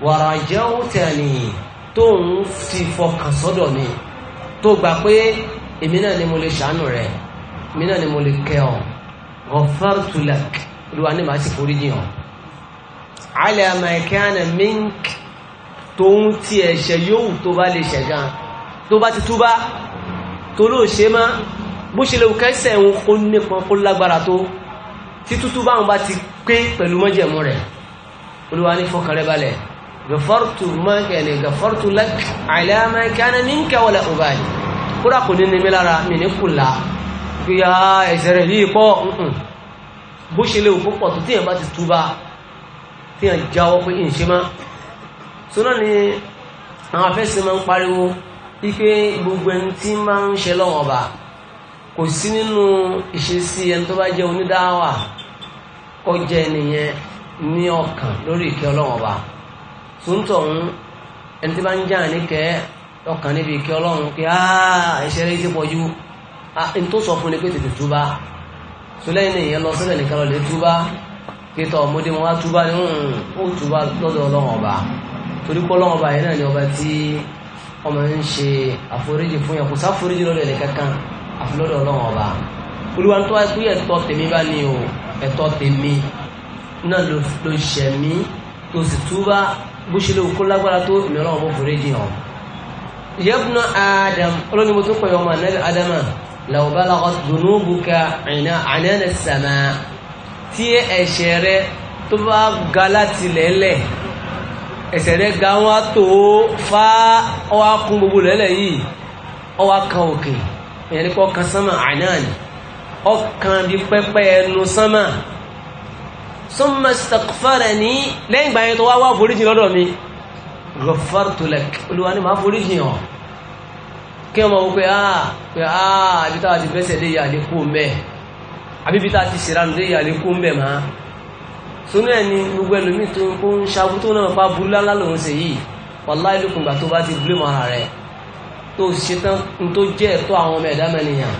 wàrà jọ́tẹ̀ni tó ń fi fọkàn sọ́dọ̀ mi tó gbà pé èmi náà ni mo lè ṣàánú rẹ èmi náà ni mo lè kẹ́ ọ ghafartu lak olúwa ní màá sì forí jìn ọ ala ma kana mink tóun ti ẹ̀ṣẹ̀ yóò tó bá lè ṣẹ̀ gan tó bá ti túbá tó ló ṣe má bó ṣe lè kẹsẹ̀ ń kó nípọn kó lágbára tó tí tútú báwọn bá ti pé pẹ̀lú mọ́jẹ̀mú rẹ̀ olúwa ní fọkàn rẹ balẹ̀ gàfọ́rùtù mọ́kẹ̀lẹ̀ gàfọ́rùtù àìlẹ́mẹ́kẹ́ni ní kẹwàlẹ̀ ọ̀bàlì kúrà kò ní ní mi lára mi ní kùlà kí ya ẹ̀ṣẹ̀ rẹ̀ yìí pọ̀ bó ṣe lè òkú pọ̀ tó tíyàn bá ti túbá tíyàn jáwọ́ pé ìṣe máa sọ́nà ni àwọn afẹ́sẹ̀ máa ń pariwo wípé gbogbo ẹni tí máa ń ṣe lọ́wọ́ ọba kò sí nínú ìṣesí ẹni tó bá jẹ́ onídáwà kọjá ẹnìyẹn ní ọkàn lórí ìkẹ́ ọlọ́wọ́ ọba sóńtọ̀ ń ẹni tí bá ń jà níkẹ́ ọkàn níbi ìkẹ́ ọlọ́run pé ìṣẹ́ rẹ̀ ti pọ̀jú n tó sọ fún ni pé tètè túbá sọlẹ́yìn nìyẹn lọ sílẹ̀ nìkan lọ lè túbá kí tọ́ ọmọdé wọn wá túbá ní ó túbá lọ́dọ̀ ọlọ́run ọba torí pọ́lọ́wọ́n báyìí náà ni ọba tí ọmọ ń ṣe àforíjì fún yẹn kò sáforíjì lọ́dọ̀ ẹ̀ kankan àfilọ́dọ̀ ọlọ́wọ́n ọba olúwa tó wáyé pé ẹ̀tọ́ tèmi bá ní o ẹ̀tọ́ tèmi náà ló ṣẹ̀ mí tó sì túbá bó ṣe léwu kó lágbára tó èmi ọlọ́wọ́n bó foríjì hàn. yẹ́bùnà adam olóyún mo tún pè ọmọ anabi adama law balaghat dhunubuka àìnáàdà sàmà ẹsẹ̀ rẹ̀ ga wọn á tó fá ọwá kún gbogbo lẹ́lẹ̀ yìí ọwá kan òkè ìyẹn ní kọ́ kan sánmà àìnáàn ọkàn bí pẹ́pẹ́ ẹnu sánmà sánmà sàkfàrẹ̀ ní lẹ́yìn ìgbà tó wá wá foríjì lọ́dọ̀ mi gọfàr tolẹ̀ olúwa ni màá foríjì hàn kí ọmọ wọ pé áà pé áà àbí táwa ti fẹsẹ̀ lé yà lé kó mẹ́ àbí bí táwa ti ṣèrànlé yà lé kó mẹ́ máa sónú ẹ̀ ni gbogbo ẹlòmíì tó kó ń ṣagú tó náà pa burú lálá lòun ṣe yìí wàláì lókun ìgbà tó bá ti blame ara rẹ̀ tó ṣe tán ní tó jẹ́ ẹ̀tọ́ àwọn ọmọ ẹ̀dá mẹ́niyàn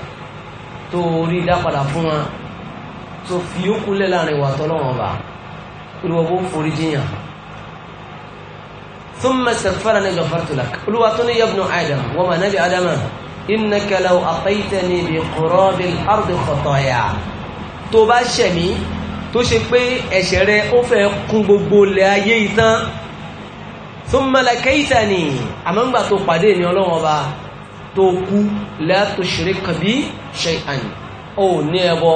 tó rí dápadà fún wọn tó fi yókù lẹ̀ láàrin ìwà tọ́lọ́wọ́n ọba olúwa bó forí jiyàn ثم استغفرني غفرت لك قلواتني يا ابن آدم وما نبي آدم إنك لو أطيتني بقراب الأرض خطايا tó bá ṣẹ̀ tó ṣe pé ẹ̀ṣẹ̀ rẹ ó fẹ́ kún gbogbo ilẹ̀ ayé ìtàn thumma lakaitani àmọ́ngbà tó pàdé ní ọlọ́run ọba tó kú la tushrika bi shay'an ó ní ẹbọ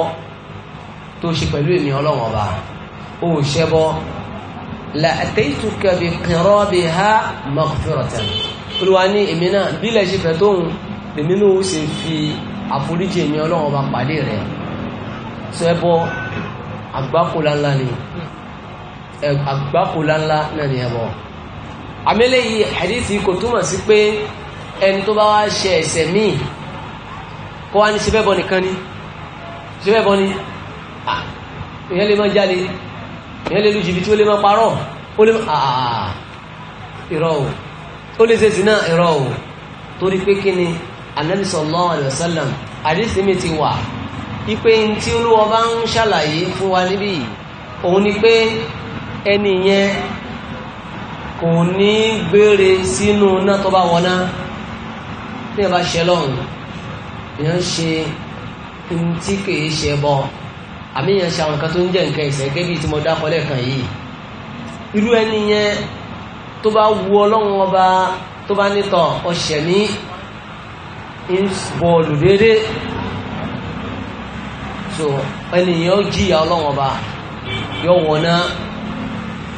tó ṣe pẹ̀lú èmi ọlọ́run ọba ó ṣẹbọ la ataituka bi qirabiha maghfiratan olùwà ní èmi náà bílẹ̀ ṣe fẹ́ tóun èmi náà ó sì fi àforíjì èmi ọlọ́run ọba pàdé rẹ̀ sọ ẹbọ àgbákòláńlá ni àgbákòláńlá náà ni ẹbọ àmẹ́lẹ̀ yìí hadithi kò túmọ̀ sí pé ẹni tó bá wá ṣe ẹ̀ṣẹ̀ míì kó wá ní ṣe bẹ́bọ nìkan ni ṣe bẹ́bọ ni èèyàn lè máa jáde èèyàn lè lu jìbìtì ó lè máa parọ́ ó lè máa irọ́ o ó lè ṣe zina irọ́ o torí pé kí ni anabi sallallahu alayhi wa sallam hadithi mi ti wà ipe tí olúwa bá ń ṣàlàyé fún wa níbí òun ni pé ẹni yẹn kò ní gbére sínú náà tó bá wọná bí ẹ bá ṣe lọ́hùn èèyàn ṣe tí kìí ṣe bọ àmì èèyàn ṣe àwọn nǹkan tó ń jẹ́ nǹkan ìṣẹ́ gẹ́gẹ́ tí mo dákọ lẹ́ẹ̀kan yìí irú ẹni yẹn tó bá wu ọlọ́run ọba tó bá nítọ̀ ọ̀ṣẹ̀mí ń bọ̀ lùdéédéé so ènìyàn jìyà ọlọ́run ọba yọ wọ̀n náà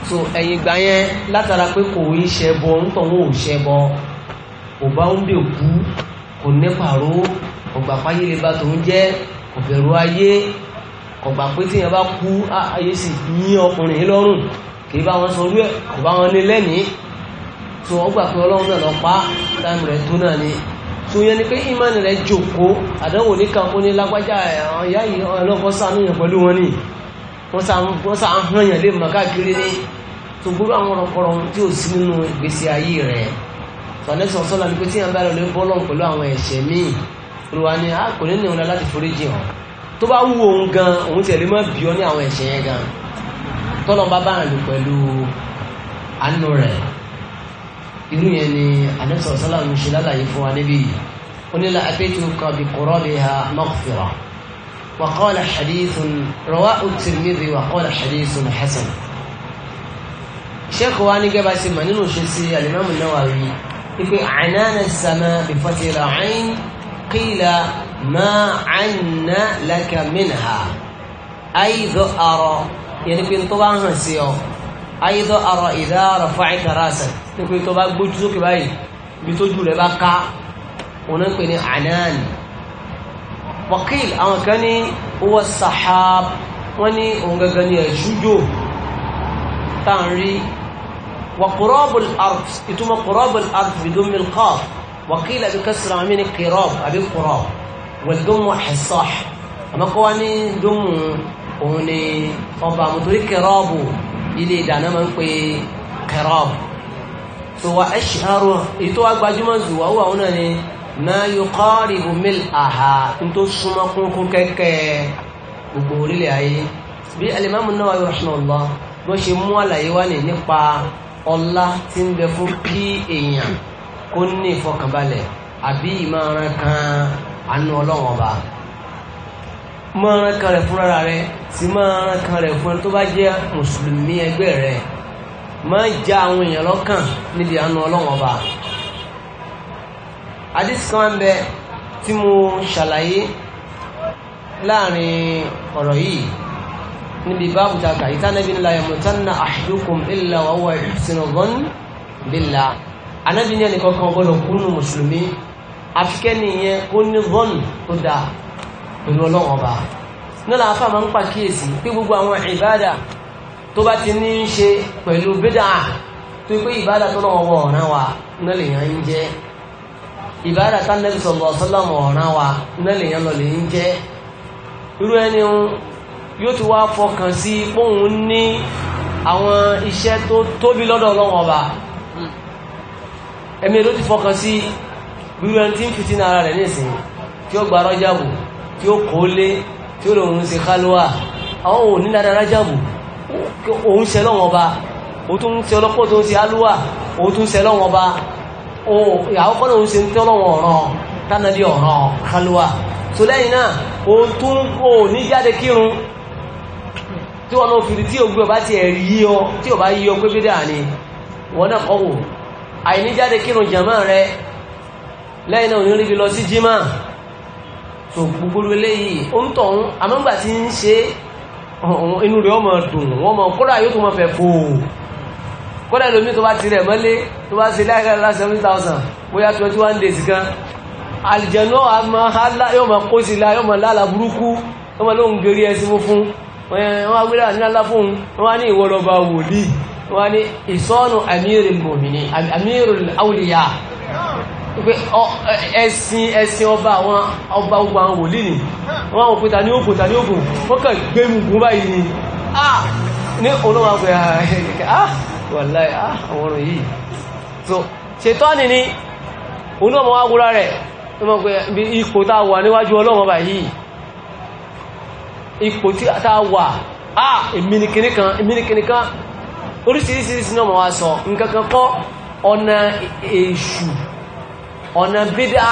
so ẹ̀yìn ìgbà yẹn látara pé kò ń ṣẹbọ nítorí ò ṣẹbọ kò ń bè kú kò ní pàró ọgbà fáyé lè ba tòun jẹ́ kò ayé ọgbà pé tíyẹn bá kú ayé sì yín ọkùnrin lọ́rùn kì í bá wọn sọrú ẹ̀ kò bá wọn ní lẹ́nìí so ọgbà pé ọlọ́run náà lọ pa táìmù rẹ̀ tó náà ni tó yẹn ni pé ìmánì rẹ̀ jòkó àdánwò ní kan ó ní lágbájá àwọn ìyá yìí ọlọ́kọ́ sànú pẹ̀lú wọn ni wọ́n sà ń hàn yàn lè mọ̀ káàkiri ní tó gbúrú àwọn ọ̀rọ̀kọ̀rọ̀ tí ò sí nínú ìgbésí ayé rẹ̀ tọ́lẹ́sọ̀ sọ́la ni pé tí yàn bá lọ lè bọ́ lọ́n pẹ̀lú àwọn ẹ̀ṣẹ̀ míì olùwà ni a ah, kò ní nìyọ̀n láti foríjì hàn tó bá wù òun gan òun tiẹ̀ lè má bí irú yẹn ni anẹ́sọ̀rọ̀ sálà ń ṣe lálàyé fún wa níbí yìí ó ní bí kọ́rọ́ bí ha maghfira وقال حديث رواه الترمذي وقال حديث حسن sheekhu wa ni gẹ́gẹ́ bá ṣe mọ̀ nínú ṣe sí alimami nawawi ipe ànána sàmà ìfọ̀tìlà àìn kíla ma àìnà laka minha ayidọ̀ arọ yẹn ni pé tó bá hàn sí ọ ayidọ̀ arọ ìdá rafa'ta rasak nígbè tó bá gbójú sókè báyìí ibi tójú rẹ̀ bá ká wọn náà ń pè ní anan wakil àwọn kan ní owó sahab wọn ní òun gangan ní ẹ̀ṣújò tá à ń rí وقراب الأرض يتم قراب الأرض بدم القاف وقيل بكسر من قراب أبي قراب والدم حصاح أما قواني دم أوني طبعا مدري قراب يلي دانا من قراب tó wà ẹ̀ṣàrò ètò agbájúmọ̀ jù wà wà náà ni máa yọ kọ́ọ̀rì omil àhà tó súnmọ́ kúnkún kẹ́kẹ́ gbogbo orílẹ̀ ayé bí alimami Nawawi rahimahullah bó ṣe mú àlàyé wá ní nípa ọlá tí ń bẹ fún kí èèyàn kó ní ìfọkànbalẹ̀ àbí ìmọ̀ràn kan àánú ọlọ́wọ́n ọba mọ̀ràn kan rẹ̀ fúnra rẹ̀ sí mọ̀ràn kan rẹ̀ fún tó bá jẹ́ mùsùlùmí ẹgbẹ́ rẹ̀ máa ja àwọn èèyàn lọ́kàn níbi àánú ọlọ́wọ́n ọba àdìsí kan ń bẹ tí mo ṣàlàyé láàrin ọ̀rọ̀ yìí níbi báàbù ta kà ìtàn Ànábì la yamutanna ahadukum illa wa huwa yuhsinu dhann billah Ànábì ní ẹnì kankan gbọ́dọ̀ kúnnù mùsùlùmí àfikẹ́ni yẹn kó ní dhann tó dáa pẹ̀lú ọlọ́wọ́n ọba nílò àfàmà ń pàkíyèsí pé gbogbo àwọn ìbádà tó bá ti ní í ṣe pẹ̀lú bídà tó pé ìbádà tó lọ́wọ́ ọ̀ràn wa náà lè yàn ń jẹ́ ìbádà tá nẹ́bí sọ̀lọ̀ sọ́lọ́mù ọ̀ràn wa náà lè yàn lọ lè ń jẹ́ irú ẹni yóò ti wá fọkàn sí póun ní àwọn iṣẹ́ tó tóbi lọ́dọ̀ ọlọ́wọ́ ọba ẹ̀mí ló ti fọkàn sí irú ẹni tí ń fìtí náà ara rẹ̀ nísìn tí ó gba rájàbù tí ó kó lé tí ó lòun ṣe kálúwà àwọn òní lára òun ṣe lọ́wọ́n ọba òun tún ṣe ọlọ́pọ̀ tó ń ṣe alúwà òun tún ṣe lọ́wọ́n ọba àwọn kọ́nà òun ṣe ń tọ́lọ́wọ́n ọ̀ràn tánàdí ọ̀ràn kálúwà tó lẹ́yìn náà òun tún ò ní jáde kírun tí wọn náà fi tí ògbé ọba ti yí ọ tí ọba yí ọ pé bí dáa wọn náà kọ́ wò àìní jáde kírun jàmá rẹ lẹ́yìn náà òun rí lọ sí jímà tó gbogbo eléyìí ó ń tọ̀hún àmọ́ngbà tí ń ṣe é inú rẹ̀ ọmọ dùn wọ́n mọ̀ kódà yóò tó mọ̀ fẹ́ fò kódà lómi tó bá ti rẹ̀ mọ́lé tó bá ṣe láìka láti seven thousand bóyá twenty one days kan àlìjẹ̀nú yóò mọ̀ kó sí la yóò mọ̀ lálà burúkú yóò mọ̀ ló ń geri ẹsìn fún wọn agbéra ní aláfóhun wọn pé ẹ̀sìn ẹ̀sìn ọba àwọn ọba ogun àwọn wòlí ni wọ́n wọ́n pẹ́ta ní ogun ta ní ogun wọ́n kàn gbé mugun báyìí ni ah ní olóòwò àgbẹ̀ ah, ah wàláì ah àwọn ọ̀rọ̀ yìí so ṣètọ́nì ni olóòmọ wá wúra rẹ̀ ipò tá a wà níwájú ọlọ́wọ́ báyìí ipò tá a wà ah èmi ni kìnnìkan èmi ni kìnnìkan oríṣiríṣiríṣi náà mọ̀ wá sọ nǹkan kan kọ́ ọ̀nà ọ̀nà bídà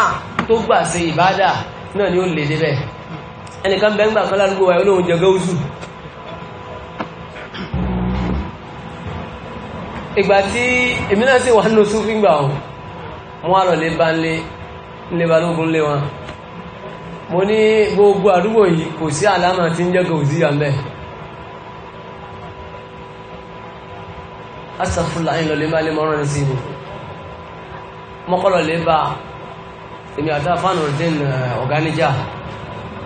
tó gbà ṣe ìbádà náà ni ó lè débẹ̀ ẹnìkan bẹ́ẹ̀ ń gbà kan ládùúgbò wa olóhùn jẹ gáúsù ìgbà tí èmi náà sì wà nínú súnfín gbà ọ̀ wọ́n á lọ lé bá ń lé ńlé balógun lé wọn mo ní gbogbo àdúgbò yìí kò sí àlámà tí ń jẹ́ gáúsù yà mẹ́ẹ̀ asàfúnlá ìlọlẹ́mọ́lẹ́mọ́rán sí ni mọ́kọ́lọ̀ lè bá èmi àti afánùrúdín eh, ọ̀gáníjà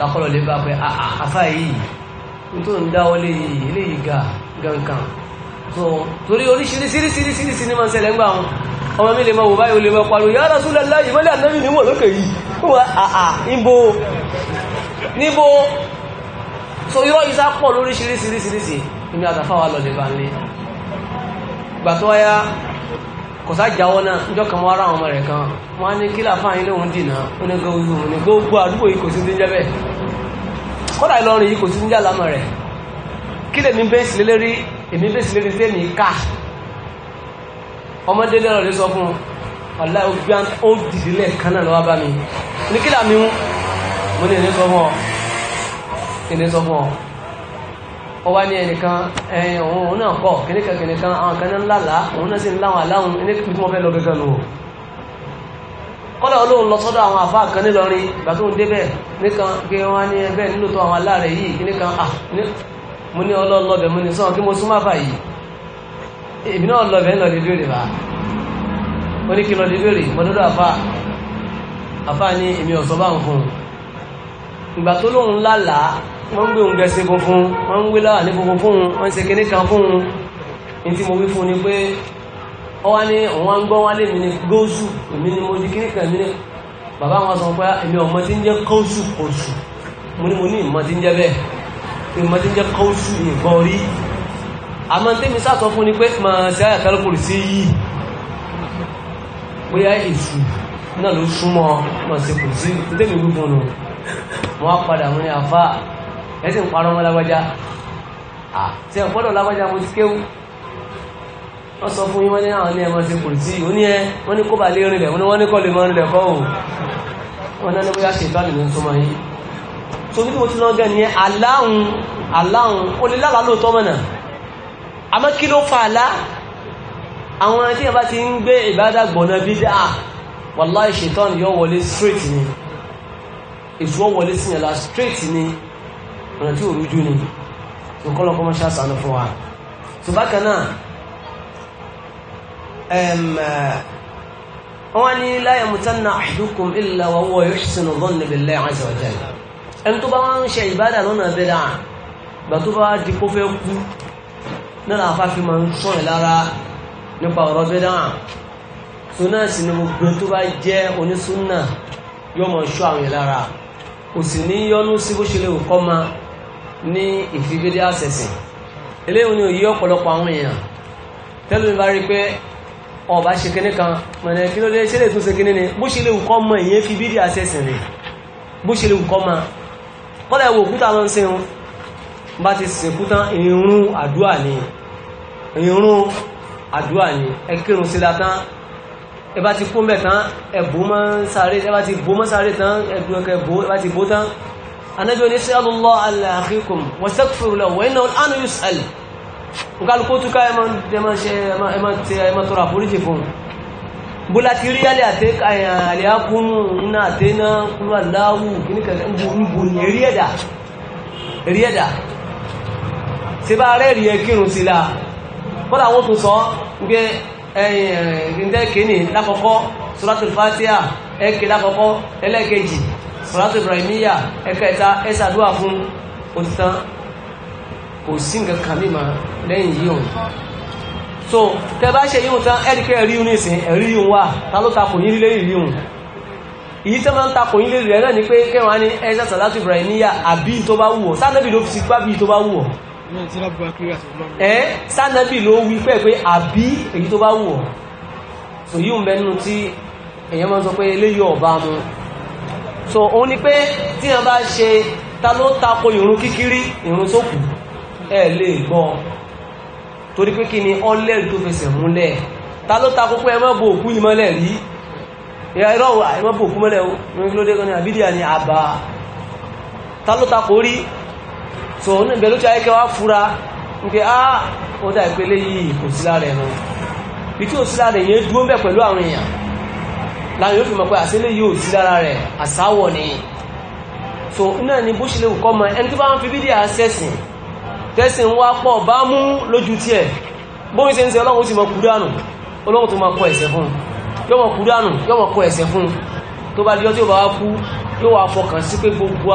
lákọ́lọ̀ lè bá pé afá yìí n tó ń dáwọ́ léyìí eléyìí ga gankan so torí oríṣiríṣiríṣiríṣi ní máa ń ṣẹlẹ̀ ńgbà wọn ọmọ mi lè máa wò báyìí ó lè máa pariwo ya Rasulullah ìmọ́lẹ̀ ànábì níwọ̀ lókè yìí ó wà àà níbo níbo so irọ́ isa sá pọ̀ lóríṣiríṣiríṣiríṣi èmi àtàfáwà lọ lè bá ń lé gbàtọ́ ya kọ̀sá jáwọ́ náà níjọ́ kan wá ráwọn ọmọ rẹ̀ kan wọ́n á ní kí láfáà yín lóhun dìnà onígbà ojú òun ní gbogbo àdúgbò yìí kò sí níjẹ́ bẹ́ẹ̀ kọ́dà Ìlọrin yìí kò sí níjẹ́ lámọ̀ rẹ̀ kí lèmi bẹ́ẹ̀ sì lérí èmi bẹ́ẹ̀ sì lérí sí èmi ká ọmọdé lọ́rọ̀ lè sọ fún ọ̀la òbí ó dìde lẹ́ẹ̀kan náà lọ́wọ́ bá mi ní kí làmí mú mo ní ẹni sọ fún ọ ọwá ní ẹnìkan ẹ̀yìn òun náà kọ̀ kìnnìkan kìnnìkan àwọn kan náà ńláàlá òun náà sì ń láwọn aláhùn ẹnìkan tí wọ́n fẹ́ lọ gẹ́gẹ́ nù kọ́lọ̀ olóhun lọ sọ́dọ̀ àwọn àfáà kan nílọrin ìgbà tó ń débẹ̀ nìkan pé wọ́n ní ẹgbẹ́ nílò tó àwọn aláàrẹ̀ yìí kìnnìkan à mo ní ọlọ́ọ̀lọ́bẹ̀ mo ní sọ́n kí mo súnmọ́ àfà yìí ìbí náà lọ́bẹ̀ ń lọ lè bèrè bá ó ní kí lọ lè bèrè mo dọ́dọ̀ àfà àfà ní èmi ọ̀sọ́ bá ń fún un ìgbà tó lóhun lálàá wọ́n ń gbé oúnjẹ sí fún fún wọ́n ń wé láà ní fún fún wọ́n ṣe kíní kan fún un tí mo wí fún ni pé ọwá ní òun wọ́n gbọ́ wálé mi ní góòsù èmi ni mo di kíní kan mi ní bàbá wọn sọ pé èmi ọmọ tí ń jẹ́ kóòsù kóòsù mo ní mo ní ìmọ̀ tí ń jẹ́ bẹ́ẹ̀ ìmọ̀ tí ń jẹ́ kóòsù ìbọn rí àmọ́ tẹ́mi sàtọ́ fún ni pé mà sí àyàkálẹ̀ kò sí yìí bóyá èṣù náà ló súnmọ́ mà sí kò sí tẹ́mi gbogbo nù wọ́n á padà mú ní àfáà ẹ̀sìn ń parọ́ mọ́ lágbájá àti ọ̀pọ̀lọ̀ lágbájá mo ti kéwú wọ́n sọ fún yín wọ́n
ní àwọn ní ẹ̀mọ́ ti kò tí ó
ní ẹ wọ́n ní kó bà lè rìnlẹ̀ wọ́n ní wọ́n ní kọ́ lè mọ́ rìnlẹ̀ kọ́ òun wọ́n náà ní bóyá ṣe ìtọ́ àlùmí tó máa yí so bí mo ti lọ gẹ̀ ní aláhùn aláhùn ó lè lálàá lóòótọ́ mọ̀nà àmọ́ kí ló fa àlá àwọn tí yẹn bá ti ń gbé ìbádà gbọ̀nà bí dáa ah, wàláì ṣètọ́ ni yọ wọlé straight ni ètò wọlé sí yẹn la straight ni ọ̀nà tí òrújú ni tó kọ́ lọ́kọ́ mọ́ṣá sànú fún wa tó bákan náà wọ́n ní la yamutanna ahadukum illa wa huwa yuhsinu dhanna billahi azza wa jalla ẹni tó bá wọ́n ń ṣe ìbádà lọ́nà bẹ́dà gbà tó bá di kó fẹ́ kú náà àfáfi máa ń sọ̀rọ̀ lára nípa ọ̀rọ̀ bẹ́dà súnà sí ni gbogbo tó bá jẹ́ onísúnà yọmọ ṣọ́ àwọn lára kò sì ní yọnu sí bó ṣe lè kọ́ máa ní ìfidélé àṣẹ̀sìn eléyìí ni òye ọ̀pọ̀lọpọ̀ àwọn èèyàn tẹ́lú mi bá rí pé ọba ṣe kíní kan mọ̀nà kí ló dé ṣe lè tún ṣe kíní ni bó ṣe lè wù kọ́ mọ ìyẹn fi bídí àṣẹ̀sìn ni bó ṣe lè wù kọ́ mọ kọ́lá ìwò òkúta ló ń sin bá ti sìnkú tán ìrún àdúà ni ìrún àdúà ni ẹ kírun sílá tán ẹbá ti kó mẹ́ tán ẹ̀bù mọ́ sáré ẹbá ti bó mọ́ sáré tán ẹ̀dùn ẹ̀kẹ́ bó ẹbá ti bó tán anábí oní sẹ́lú lọ aláàkíkùn wọ́n sẹ́kùfèrú lọ wọ́n iná ánú yóò sẹ́lẹ̀ nkálukú túká ẹmọ tọrọ àforíjì fún bó láti rí alẹ́ àti àlẹ́kùnú iná àtẹ́ná kúrò aláwù kìníkẹ̀ẹ́ níbo ní rí ẹ̀dà rí ẹ̀dà tí bá rẹ̀ rí ẹ kírun sí la kọ́lá àwọn tó sọ pé ẹ̀yìn ẹ̀kẹ́ ní lákọ̀ọ́kọ́ suratul Fatiha ẹ̀kẹ́ lákọ̀ọ́kọ́ ẹlẹ́kẹ́jì sọ̀látò ibrahimiya ẹ̀kẹta ẹ̀sàdúwà fún òtítàn kò sí nǹkan kan mímọ̀ lẹ́yìn yìí òun so tẹ bá ṣe yíhun tán ẹ̀ríkẹ́ ẹ̀rí yún nísìn ẹ̀rí yún wà ta ló takò yín lílé ìrí yún èyí tẹ́ máa ń takò yín lérí rẹ̀ náà ni pé kẹwàá ní ẹ̀sà sọ̀látò ibrahimiya àbí tó bá wù ọ́ sádẹ́bì ló fi gbá bí tó bá wù ọ́ ẹ̀ sádẹ́bì ló wí pẹ́ pé àbí èyí tó bá wù ọ́ so yíhun bẹ́ẹ̀ nínú tí èèyàn máa ń sọ pé eléyìí ọ̀bá mu so òun ni pé tí wọ́n bá ṣe ta ló tako ìrun kíkiri ìrun sókù ẹ lè gbọ́ torí pé kí ni ọlẹ́rìí tó fẹsẹ̀ múlẹ̀ ta ló tako pé ẹ má bo òkú yìí mọ́lẹ̀ rí ìyá irọ́ wà ẹ má bo òkú mọ́lẹ̀ o ní kí ló dé kan ní àbídíà ní àbá ta ló tako rí so òun ìbẹ̀ ló ti ayé kẹwàá fura nke a ó dà ìpele yìí kò sí lára ẹ̀ náà ìtú òsílára ẹ̀ yẹn dúró bẹ̀ pẹ̀lú àwọn èèyàn láàrin yóò fi mọ̀ pé àṣílẹ̀ yóò sí lára rẹ̀ àsáwọ̀ ni so náà ni bó ṣe lè kọ́ mọ ẹni tó bá ń fi bídíà sẹ́sìn tẹ́sìn wá pọ̀ bá mú lójú tiẹ̀ bóyí ṣe ń ṣe ọlọ́run ó sì mọ kú dànù ọlọ́run tó máa kọ ẹ̀ṣẹ̀ fún yóò mọ kú dànù yóò mọ kọ ẹ̀ṣẹ̀ fún tó bá díjọ́ tí ó bá wá kú yóò wá fọkàn sí pé gbogbo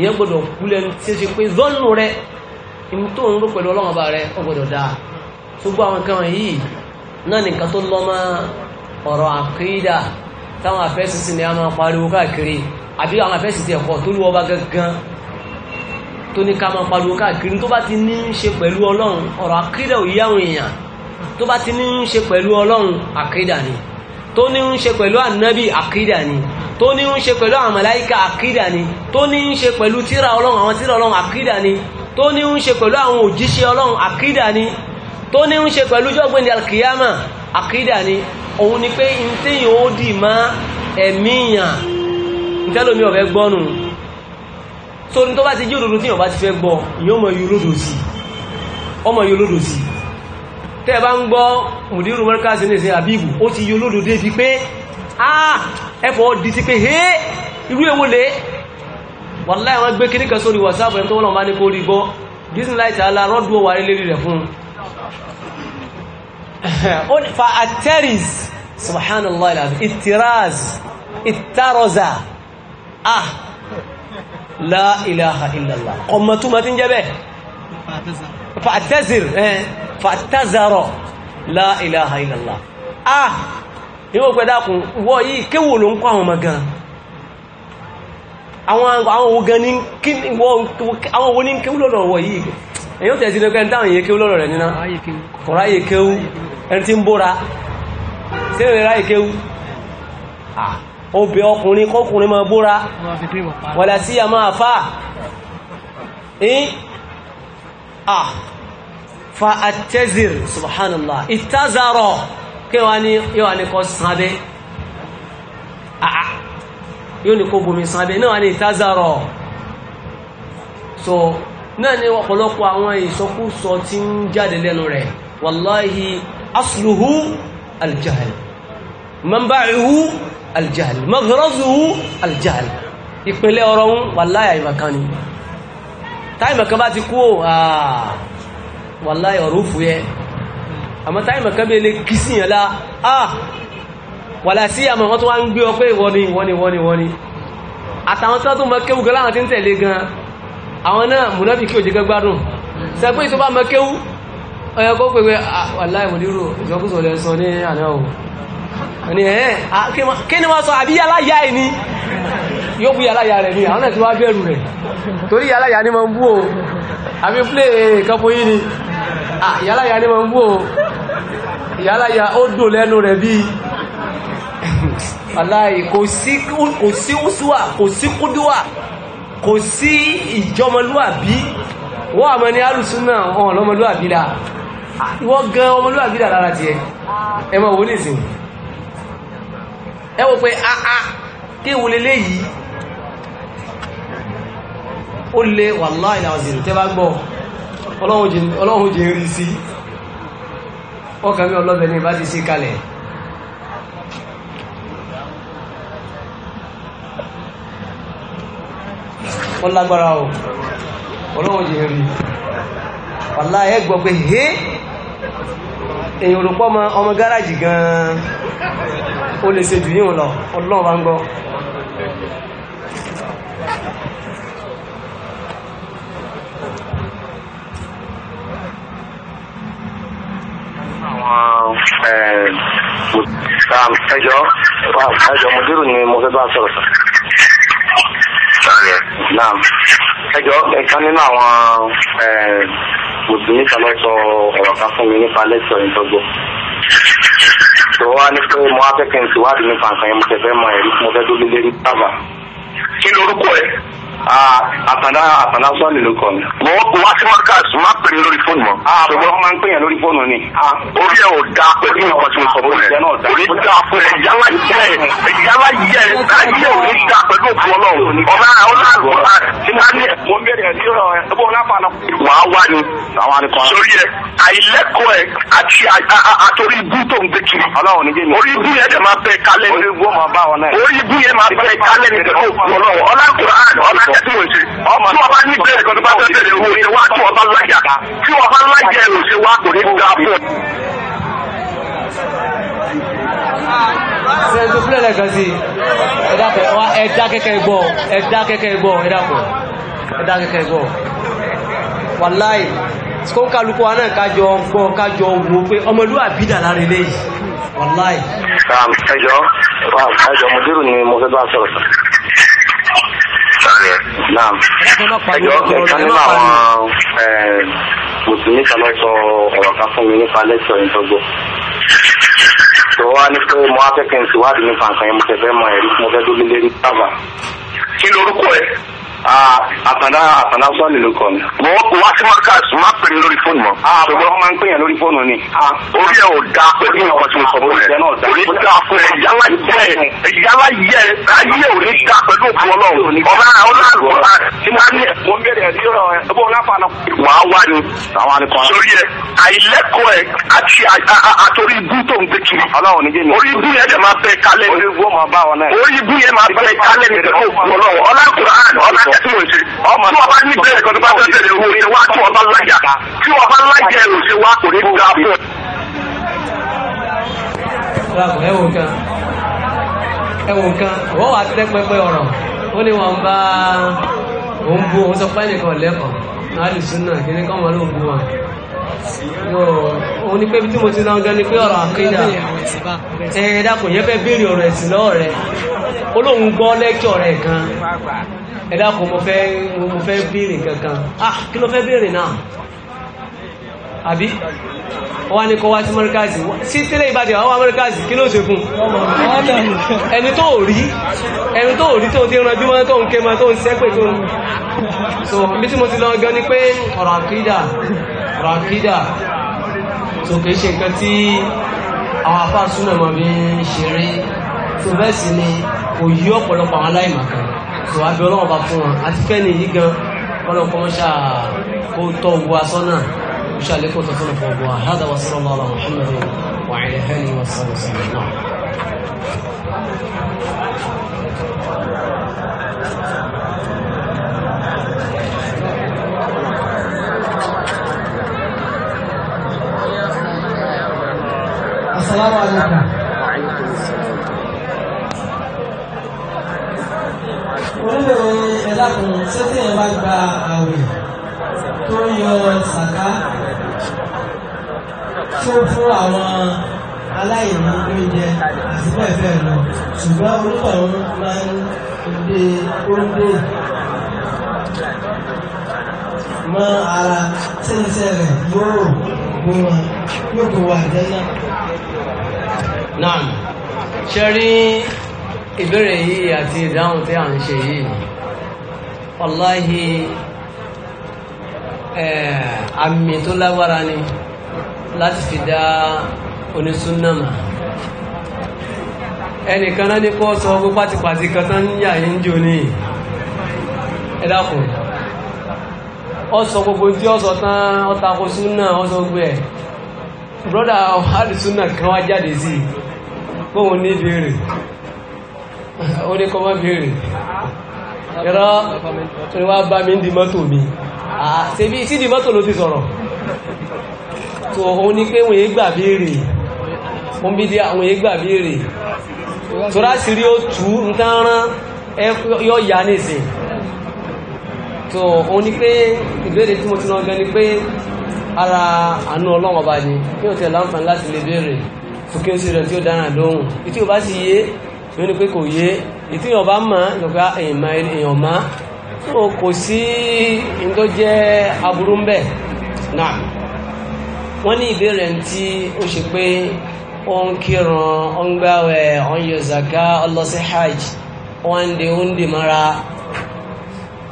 ìyẹn gbọdọ̀ kú lẹ́nu tí ó ṣe pé zọ́nù rẹ ìmú tó ń rú pẹ̀lú ọlọ́run ọba rẹ ó gbọdọ̀ dáa ṣùgbọ́n àwọn nǹkan yìí náà nìkan tó lọ́ mọ́ ọ̀rọ̀ àkídà táwọn afẹ́sì sí ni a máa pariwo káàkiri àbí àwọn afẹ́sì ti ẹ̀kọ́ tó lú ọba gangan tó ní ká máa pariwo káàkiri tó bá ti ní í ṣe pẹ̀lú ọlọ́run ọ̀rọ̀ àkídà ò yá àwọn èèyàn tó bá ti ní í ṣe pẹ̀lú ọlọ́run àkídà ni tó ní í ṣe pẹ̀lú ànábì àkídà ni tó ní ń ṣe pẹ̀lú àwọn màláíkà àkídà ni tó ní ń ṣe pẹ̀lú tíra ọlọ́run àwọn tíra ọlọ́run àkídà ni tó ní ń ṣe pẹ̀lú àwọn òjíṣẹ́ ọlọ́run àkídà ni tó ní ń ṣe pẹ̀lú jọ́gbìn ní alkiyama àkídà ni òun ni pé n téèyàn ó dì má ẹ̀míyàn ntẹ́lómi ọ̀fẹ́ gbọ́nù so ní tó bá ti jí òdòdó tí bá ti fẹ́ gbọ́ ìyẹn ọmọ yìí olódò sí ọmọ yìí olódò sí tẹ́ bá ń gbọ́ mùdírù mọ́ríkà sí ní ìsìn àbíbù ó ti yí olódò dé pé Ah, ẹfọ́ di sí pé hé irú èwo lè wàláhì wọ́n gbé kíní kan sórí whatsapp ẹni tó wọ́n máa ní kó rí gbọ́ disneylight ala rọ́dù ọwà rẹ̀ lérí rẹ̀ fún un fa ateris subhanallah itiraz itaroza ah la ilaha illallah ọmọ tó ma ti ń jẹ́ eh, ah ìwọ́n pẹ̀ dákùn wọ́ yìí kéwò ló ń kọ́ àwọn ọmọ gan àwọn ogan ní àwọn owó ní kéwò lọ́dọ̀ wọ̀ yìí èyí tẹ̀sí lọ́kẹ́ ní yìí kéwò lọ́dọ̀ rẹ̀ nínú kọ̀rọ̀ ayé kéwò ẹni tí ń bóra sí ìrìn kí wá ní yóò wá ní kọ́ sábẹ́ àá yóò ní kó bomi sábẹ́ náà wá ní ìtázàrọ̀ so náà ní ọ̀pọ̀lọpọ̀ àwọn ìsọkúsọ tí ń jáde lẹ́nu rẹ̀ wàláhì asluhu aljahl manba'uhu aljahl maghrazuhu aljahl ìpínlẹ̀ ọ̀rọ̀ ń wàláhì àìmọ̀kan ni táìmọ̀kan bá ti kú àà wàláhì ọ̀rọ̀ òfúyẹ́ àmọ́ táìmọ̀ kan bí ilé kí sí yàn lá ah wàlá sí àmọ́ wọ́n tó wá ń gbé ọ pé ìwọ́ni ìwọ́ni ìwọ́ni ìwọ́ni àtàwọn tó mọ kéwù gan láwọn tí ń tẹ̀lé gan àwọn náà múnábì kí òjì gbádùn sẹ́gbẹ́ ìtọ́ bá mọ kéwù ọyọ kó pèpè wàlá ìmọ̀lérò ìjọkúsọ̀ lẹ́sọ ní àná ní ẹ̀ kí ni wọ́n sọ àbí aláyà ẹ̀ ni yóò bú aláyà rẹ̀ ní àwọn ẹ̀tí wá bẹ̀rù rẹ̀ torí aláyà ní ma ń bú o àbí plé kọpọ yìí
ni aláyà ní ma ń bú o aláyà
ó dò lẹ́nu rẹ̀ bí aláì kò sí úsùwà kò sí kúdúwà kò sí ìjọmọlúwàbí wọ́n àmọ́ ní alùsúnà ọ̀hàn lọ́mọlúwàbí dáa ìwọ gan ọmọlúwàbí dáa lára tiẹ̀ ẹ ma wo nísìnyí ẹ wò pé àá ah, ah, kí wò lélẹ́ yìí ó lè wallahi alazim tẹ́ bá gbọ́ ọlọ́run jẹ rí sí ọkà mí ọlọ́bẹ̀ ní ìbá ti sí kalẹ̀ wọ́n lágbára o ọlọ́run jẹ rí wallahi ẹ gbọ́ pé hé èyàn olùpọ̀ ọmọ gáràjì gan-an ó lè ṣe jù yíò lọ ọlọ́run bá ń gbọ́
ẹjọ́ ẹ̀kan nínú àwọn mùsùlùmí kan lọ sọ ọ̀rọ̀ fún mi nípa lẹ́sọ̀ ìtọ́gbọ́ sọ wá ní pé mo wá fẹ́ kí n ṣèwádìí nípa nǹkan yẹn mo fẹ́ mọ ẹ̀rí mo fẹ́ dólé lérí bàbà.
kí lorúkọ ẹ
àtàndá àtàndá sọ́ọ̀lì ló kọ́ mi. mo wá sí marcus má pè mí lórí fóònù mọ́. Ah, ṣùgbọ́n máa ń pè yàn lórí fóònù ni. Ah. orí ẹ̀ ò da pẹ̀lú nǹkan tí mo sọ fún ẹ. orí da fún ẹ yálà yẹ ẹ yálà yẹ ẹ káyé òní da pẹ̀lú òkú ọlọ́run. ọ̀la ọ̀la ọ̀la ti máa ní. mo ń bẹ̀rẹ̀ ní ọ̀rọ̀ ẹ bó lápá lọ. wà á wá ni. sórí ẹ àìlẹ́kọ̀ọ́ ẹ àti àtòrí ibú tó ń gbé kiri. ọlọ́run ní jẹ́mi. orí ibú yẹn dẹ̀ máa bẹ kálẹ̀. orí ibú yẹn máa bẹ kálẹ̀ nígbà tó kú ọlọ́run. ọlá iṣẹ́ tí mo ṣe tí wọ́n bá ní bẹ́ẹ̀ kan tó bá fẹ́ bẹ̀rẹ̀ owó ṣe wá tí wọ́n bá lájà tí wọ́n bá lájà
ẹ̀rọ ṣe wá kò ní dáa fún ọ. ṣe tó fúlẹ̀ lẹ́ẹ̀kan sí ẹ dàpọ̀ ẹ dá kẹ́kẹ́ gbọ́ ẹ dá kẹ́kẹ́ gbọ́ ẹ dàpọ̀ ẹ dá kẹ́kẹ́ gbọ́ wàláì kó kálukú wa náà kájọ gbọ́ kájọ wo pé ọmọlúwàbí dà lára eléyìí wàláì.
ẹjọ́ ẹjọ́ mọdúrú ni mo fẹ́ bá sọ̀rọ̀ sọ̀rọ̀. mùsùlùmí kan náà ọ̀rọ̀ kan fún mi nípa lẹ́sọ̀ ìtọ́gbọ́ tó wá ní pé mo á fẹ́ kí n ṣèwádìí nípa nǹkan yẹn mo fẹ́ fẹ́ mọ ẹ̀rí mo fẹ́ dúró lérí
kí lorúkọ ẹ.
Ah, àtàndá àtàndá sọ́ọ̀lì ló kọ́ mi. mo wá sí marcus má pè mí lórí fóònù mọ́. àbúrò ah, máa ń pè yàn lórí fóònù ni. Ah, orí ẹ̀ ò dáa pẹ̀lú nǹkan tí mo sọ fún ẹ. orí dáa fún ẹ yálà yẹ ẹ yálà yẹ ẹ ayé ò ní dáa pẹ̀lú òkú ọlọ́run. ọ̀la ọ̀la ọ̀la tí wọ́n ní. mo ń bẹ̀rẹ̀ ẹ̀rí ọ̀rọ̀ ẹ bó láfa náà. wàá wá ni sórí ẹ àìlẹ́kọ̀ọ́ ẹ àti àtòrí ibú tó ń gbé kiri. ọlọ́run ní jẹ́mi. orí ibú yẹn dẹ̀ máa bẹ kálẹ̀. orí ibú yẹn máa bẹ kálẹ̀ nígbà tó kú ọlọ́run. ọlá lájà tí mo ṣe tí wọn bá ní bẹ́ẹ̀ kan tó bá fẹ́ bẹ̀rẹ̀ owó ṣe wá tí wọn bá lájà tí wọn bá lájà
ẹ̀rù ṣe wá kò ní gbà fún ẹ. ẹ wò kan ẹ kan wọ́n wá tẹ́ pẹpẹ ọ̀rọ̀ ó ní wọn bá òun bu òun sọ pé nìkan lẹ́kọ̀ọ́ láti súnà kí ní kọ́mọ ló bu wọn òun ni pé tí mo ti náà gan pé ọ̀rọ̀ àkídà ẹ̀ẹ́dà kò fẹ́ béèrè ẹ̀dàkùn mo fẹ́ mo fẹ́ béèrè kankan ah kí ló fẹ́ béèrè náà àbí wọ́n ní kọ́ wá sí mọ́ríkàzì sí tẹ́lẹ̀ ìbàdì àwọn mọ́ríkàzì kí ló ṣe fún ẹni tó rí ẹni tó rí tó ti rànjú mọ́ tó ń ké mọ́ tó ń sẹ́pẹ̀ tó ń so bí tí mo ti lọ gan ni pé ọ̀rọ̀ àkídà ọ̀rọ̀ àkídà so kìí ṣe nǹkan tí àwọn afáàsúnà mọ̀ bí ń ṣeré so bẹ́ẹ̀ sì ni kò yí ọ̀pọ̀lọpọ̀ àwọn aláìmọ̀kan tó abẹ́ ọlọ́wọ́ bá fún wọn àti kẹ́ni yìí gan ọlọ́wọ́ kọ́ mọ́ṣá kó tọ́ owó asọ́ náà kó ṣàlékún tó fún ọgbọ àhádà wa sọ́rọ̀ lọ́wọ́ Muhammad wa ilẹ̀ hẹ́ni wa sọ́rọ̀ sọ́rọ̀ náà.
Assalamu alaikum. oníbẹ̀rẹ̀ ẹ̀dá kan ṣé téèyàn bá gba àwẹ̀ tó yọ sàká tó fún àwọn aláìní oúnjẹ àti bẹ́ẹ̀ bẹ́ẹ̀ lọ ṣùgbọ́n orúkọ máa ń dé oúnjẹ mọ́ ara tí rẹ̀ yóò gbó wọn yóò gbó wọn àjẹ́
náà. náà ṣe rí Ibere yìí àti ìdáhùn tí a ń ṣe yìí wàláhì àmì tó lágbára ni láti fi dá onísúnnàmà ẹnìkan náà ní kọ́ sọ gbogbo pátipàti kan tán yà ń jò ní ọ gbogbo tí ọ sọ tán ọtakò súnà ọ sọ gbogbo ẹ̀ brọ́dà ọ̀hádìsúnà kan wá jáde sí i ó ní kọ́ mọ́ bèèrè ẹ̀rọ tó ní wá bá mi ń di mọ́tò mi àṣebí tí di mọ́tò ló ti sọ̀rọ̀ tó òun ni pé wọ́n yé gbà bèèrè wọ́n bí díà wọ́n yé gbà bèèrè tó láti rí ó tú ń tán rán yọ ya nìsín tó òun ni ara àánú ọlọ́wọ́ bá ní kí o tẹ̀ láǹfààní láti lè bèèrè tó kí o sì rẹ̀ tí ó dára lóhùn tí o bá sì yé yóò ní pé kò yé ìtí ọba mọ̀ lọ́gbà èèyàn má ó kò sí tó jẹ́ aburú ń bẹ̀ náà wọ́n ní ìbéèrè tí ó ṣe pé ó ń kírun ó ń ó ń hajj ń de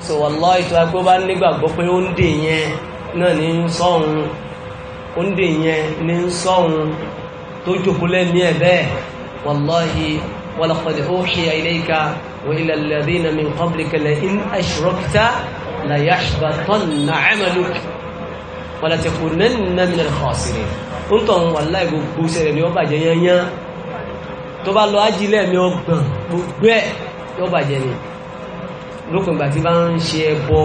so wallahi tó agbó bá nígbàgbọ́ pé ó ń dè yẹn náà ní ń sọ́hun ó ولقد أوحي إليك وإلى الذين من قبلك لئن أشركت ليحبطن عملك ولتكونن من الخاسرين ń tọ̀hún wà láì gbogbo ìṣẹ̀lẹ̀ ni ó bàjẹ́ yányán tó bá lọ ájílẹ̀ mi ọgbọ̀n gbogbo ẹ̀ yóò bàjẹ́ ni lópin ìgbà tí bá ń ṣe ẹbọ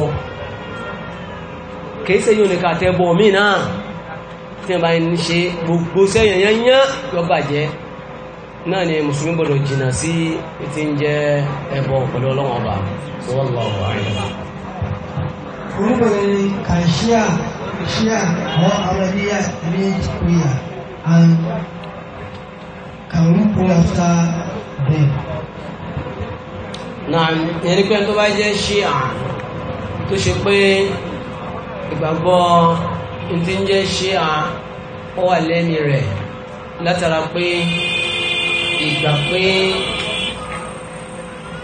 kìí ṣe yóò ní ká tẹ́ bọ mí náà tí wọ́n bá ń ṣe gbogbo ìṣẹ̀lẹ̀ yányán yóò bàjẹ́ naanị musulmi mùsùlùmí jina si sí ti ń jẹ́ ẹbọ pẹ̀lú ọlọ́wọ́n ọba tó wọ́n lọ
orúkọ rẹ ni kàṣíà kàṣíà àwọn amadiya ní ìpìyà and kàwọn kú after
them.
náà pé tó bá jẹ́ tó ṣe pé ìgbàgbọ́ ti ń ìgbà pé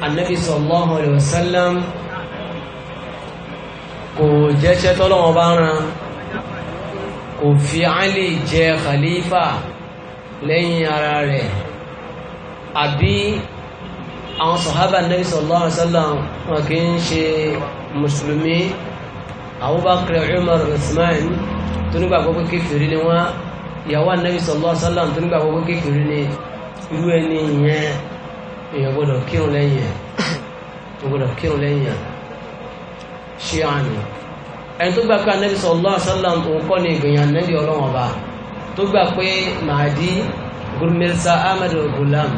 anabi sallallahu alayhi wa sallam kò jẹ́ṣẹ́ tọ́lọ́wọ́n bá ran kò fi Ali jẹ khalifa lẹ́yìn ara rẹ̀ àbí àwọn sọ̀hábà nabi sallallahu alayhi wa sallam wọn kì í ṣe mùsùlùmí Abubakar Umar Usman tó nígbàgbọ́ pé kékeré ni wọ́n ìyàwó anabi sallallahu alayhi tó nígbàgbọ́ pé kékeré ni irú ẹni yẹn èèyàn gbọ́dọ̀ kírun lẹ́yìn ẹ̀ èèyàn gbọ́dọ̀ kírun lẹ́yìn ẹ̀ ṣé àná ẹni tó gbà pé anabi sallallahu alaihi wasallam òun kọ́ ni ìgbìyàn anabi ọlọ́run ọba tó gbà pé màdí gurmirsa ahmadu gulam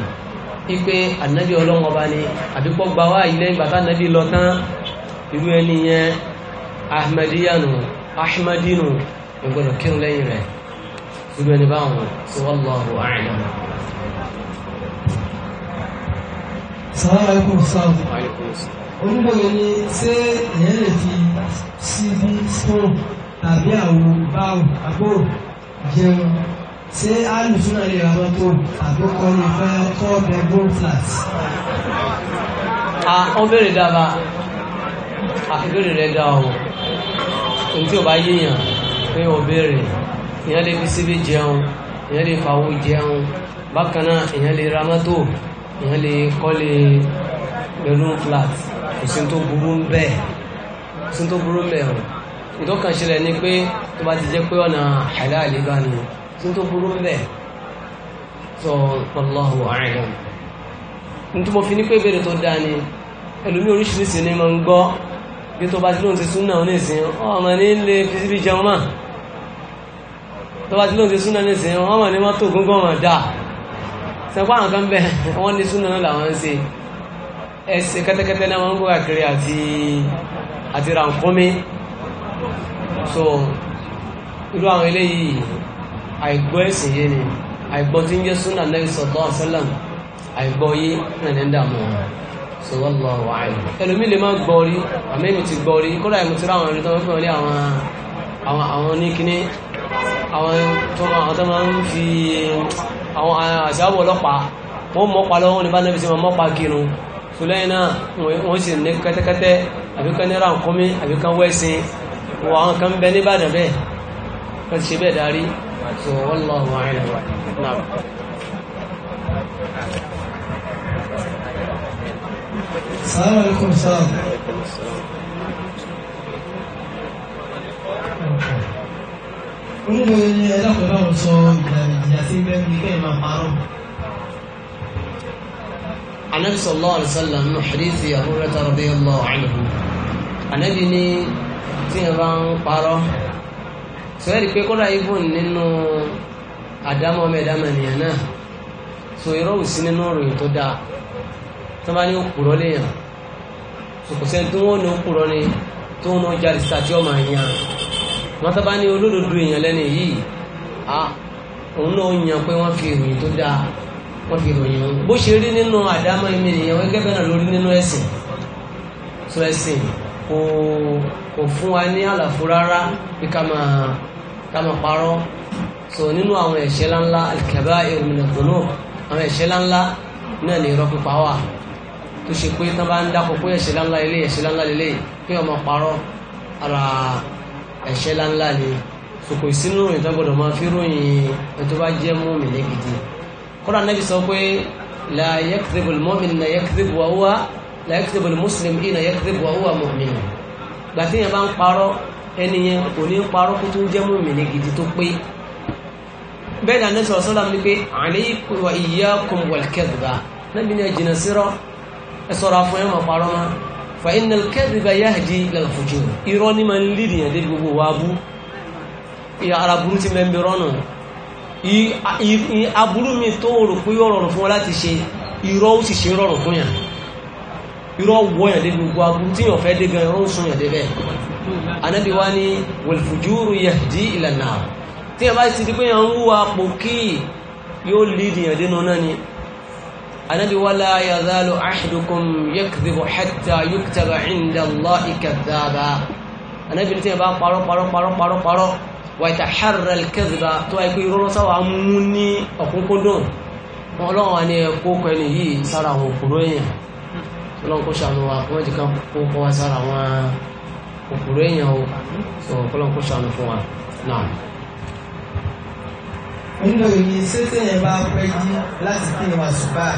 ipe anabi ọlọ́run ọba ni àbíkọ́ gba wá ilé ìgbàtà anabi lọ tán irú ẹni yẹn ahmadiyanu ahmadinu ìgbọ́dọ̀ kírun lẹ́yìn
sàlámà ikú sáà onígbòye ni ṣé èyàn lè fi síbí stone tàbí àwo báwò àbúrò jẹun ṣé alùsùn náà lè ra mọ́tò àbúkọ ní fẹ́ four bedroom flat.
a ó bèrè dábàá àbẹ̀rẹ̀ rẹ̀ dá o ohun tí o bá yíyàn pé o bèrè èèyàn lè fi síbí jẹun èèyàn lè fàwọ jẹun bákan náà èèyàn lè ra mọ́tò èèyàn lè kọ́lé bedroom flat kò sí tó burú bẹ́ẹ̀ kò sí tó burú bẹ́ẹ̀ o ìtọ́kàn ṣẹlẹ̀ ni pé tó bá ti jẹ́ pé ọ̀nà halal bá ni kò sí tó burú bẹ́ẹ̀ sọ wallahu a'lam nítorí mo fi ní pé ìbéèrè tó dáa ni ẹlòmí oríṣiríṣi ni mo ń gbọ́ bí tó bá ti lóun ti súnà oníṣìn ọmọ ní lè fi síbi jẹun náà tó bá ti lóun ti súnà oníṣìn ọmọ ní mọ́tò gúngàn ọ̀dà sẹ́pọ̀ àwọn kan bẹ̀ wọ́n ní súnà náà làwọn ń ṣe ẹsẹ̀ kẹ́tẹ́kẹ́tẹ́ náà wọ́n ń gbọ́ àkiri àti àti ràǹkọ́mí so irú àwọn eléyìí àìgbọ́ ẹ̀sìn yé ni àìgbọ́ tí ń jẹ́ súnà náà sọ̀tọ́ àṣẹ́lẹ̀ àìgbọ́ yé náà ní dààmú so wọ́n lọ wà áyì ẹlòmí lè má gbọ́ rí àmì èmi ti gbọ́ rí kódà èmi ti rá àwọn ẹni tó fẹ́ wọlé àwọn àwọn oníkiní àwọn tó máa ń fi àwọn àṣàbọ̀ ọlọ́pàá wọ́n mọ́pa lọ́wọ́ ní bá nẹ́bí sí wọn mọ́pa kírun tó lẹ́yìn náà wọ́n sì ní kẹ́tẹ́kẹ́tẹ́ àbíkan ní ránkúnmí àbíkan wẹ́sìn wọ àwọn kan bẹ ní Ìbàdàn bẹ́ẹ̀ kan ṣe bẹ́ẹ̀ darí so wọ́n lọ àwọn àìlẹ̀ wà náà Assalamu alaikum.
onílò
ní ẹlẹ́kọ̀ọ́ bá wọn sọ ìlànà ìjìyà sí bẹ́ẹ̀ ní bẹ́ẹ̀ máa parọ́.
anabi sallallahu alaihi wasallam nínú hadithi Abu Hurairah radiyallahu anhu anabi ní tí ẹ bá ń parọ́ sọ́yẹ́rì pé kọ́dà ibùn nínú àdámọ́ mẹ́ẹ̀dámọ́ ènìyàn náà so irọ́ ò sí nínú ìròyìn tó dáa tó ní òkúrọ́ léèyàn kò sẹ́ni tó wọ́n ní òkúrọ́ ni tó ń jáde sí àti ọmọ àyàn wọ́n tó bá ní olódodo èèyàn lẹ́ni yìí òun náà yàn pé wọ́n fi ìròyìn tó dáa wọ́n fi ìròyìn wọn bó ṣe rí nínú àdámọ́ ẹ̀mí ènìyàn wọ́n gẹ́gẹ́ bẹ́ẹ̀ náà lórí nínú ẹ̀sìn tó ẹ̀sìn kò kò fún wa ní àlàfo rárá bí ká máa ká máa parọ́ so nínú àwọn ẹ̀ṣẹ̀ láńlá àlìkàbá ìròyìn ìgbóná àwọn ẹ̀ṣẹ̀ láńlá náà ní irọ́ pípa wà tó ṣe pé tán bá ń dákọ̀ pé ẹ̀ṣẹ̀ láńlá ilé ẹ̀ṣẹ̀ láńlá ilé kí ọmọ parọ́ ara ẹ̀ṣẹ̀ láńlá ni sòkò ìsínú ròyìn tó gbọdọ̀ máa fi ròyìn ẹ̀ bá jẹ́ mùmínì gidi kọ́ra nẹ́bí sọ pé la yakdhibu al-mu'min na yakdhibu wa la yakdhibu al-muslim na yakdhibu wa huwa mu'min gbàtí yẹn bá ń parọ́ ẹniyẹn kò ní parọ́ kó tó jẹ́ mùmínì gidi tó pé bẹ́ẹ̀ ni anẹ́sọ̀ sọ́lá mi pé alaykum wa iyyakum wal kadhba náà bí fa inna al-kadhiba yahdi ila al-fujur irọ́ ní ma ń lè dìyàn dé gbogbo wa bú ìyá ara burú ti mẹ́ mi rọ́nà aburú mi tó rò pé yóò rọrùn fún wa láti ṣe irọ́ ó sì ṣe rọrùn fún yàn irọ́ wọ̀nyàn dé gbogbo aburú tí yàn fẹ́ dé gan irọ́ sun yàn dé bẹ́ẹ̀ anabi wa wal-fujuru yahdi ila an-nar tí yàn bá di pé yàn ń wúwa pò kí yóò lè dìyàn dénú ni anábi wala yazalu ahadukum yakdhibu hatta yuktaba inda Allahi kadhaba anábi ní tí yẹn bá parọ́ parọ́ parọ́ parọ́ parọ́ wa yataharra al-kadhiba tó wáyé pé irọ́ sáwà mú ní ọ̀kúnkúndùn wọn ọlọ́run wa ní ẹ̀kọ́ kọ ẹni yìí sára àwọn òkúrò èèyàn ọlọ́run kó ṣàánú wa wọ́n ti ká kó kọ́ wa sára àwọn òkúrò èèyàn o ọlọ́run kó ṣàánú fún wa náà
nínú ìyí sẹ́tẹ̀yìn bá pẹ́ jí láti kí ni wà ṣùgbọ́n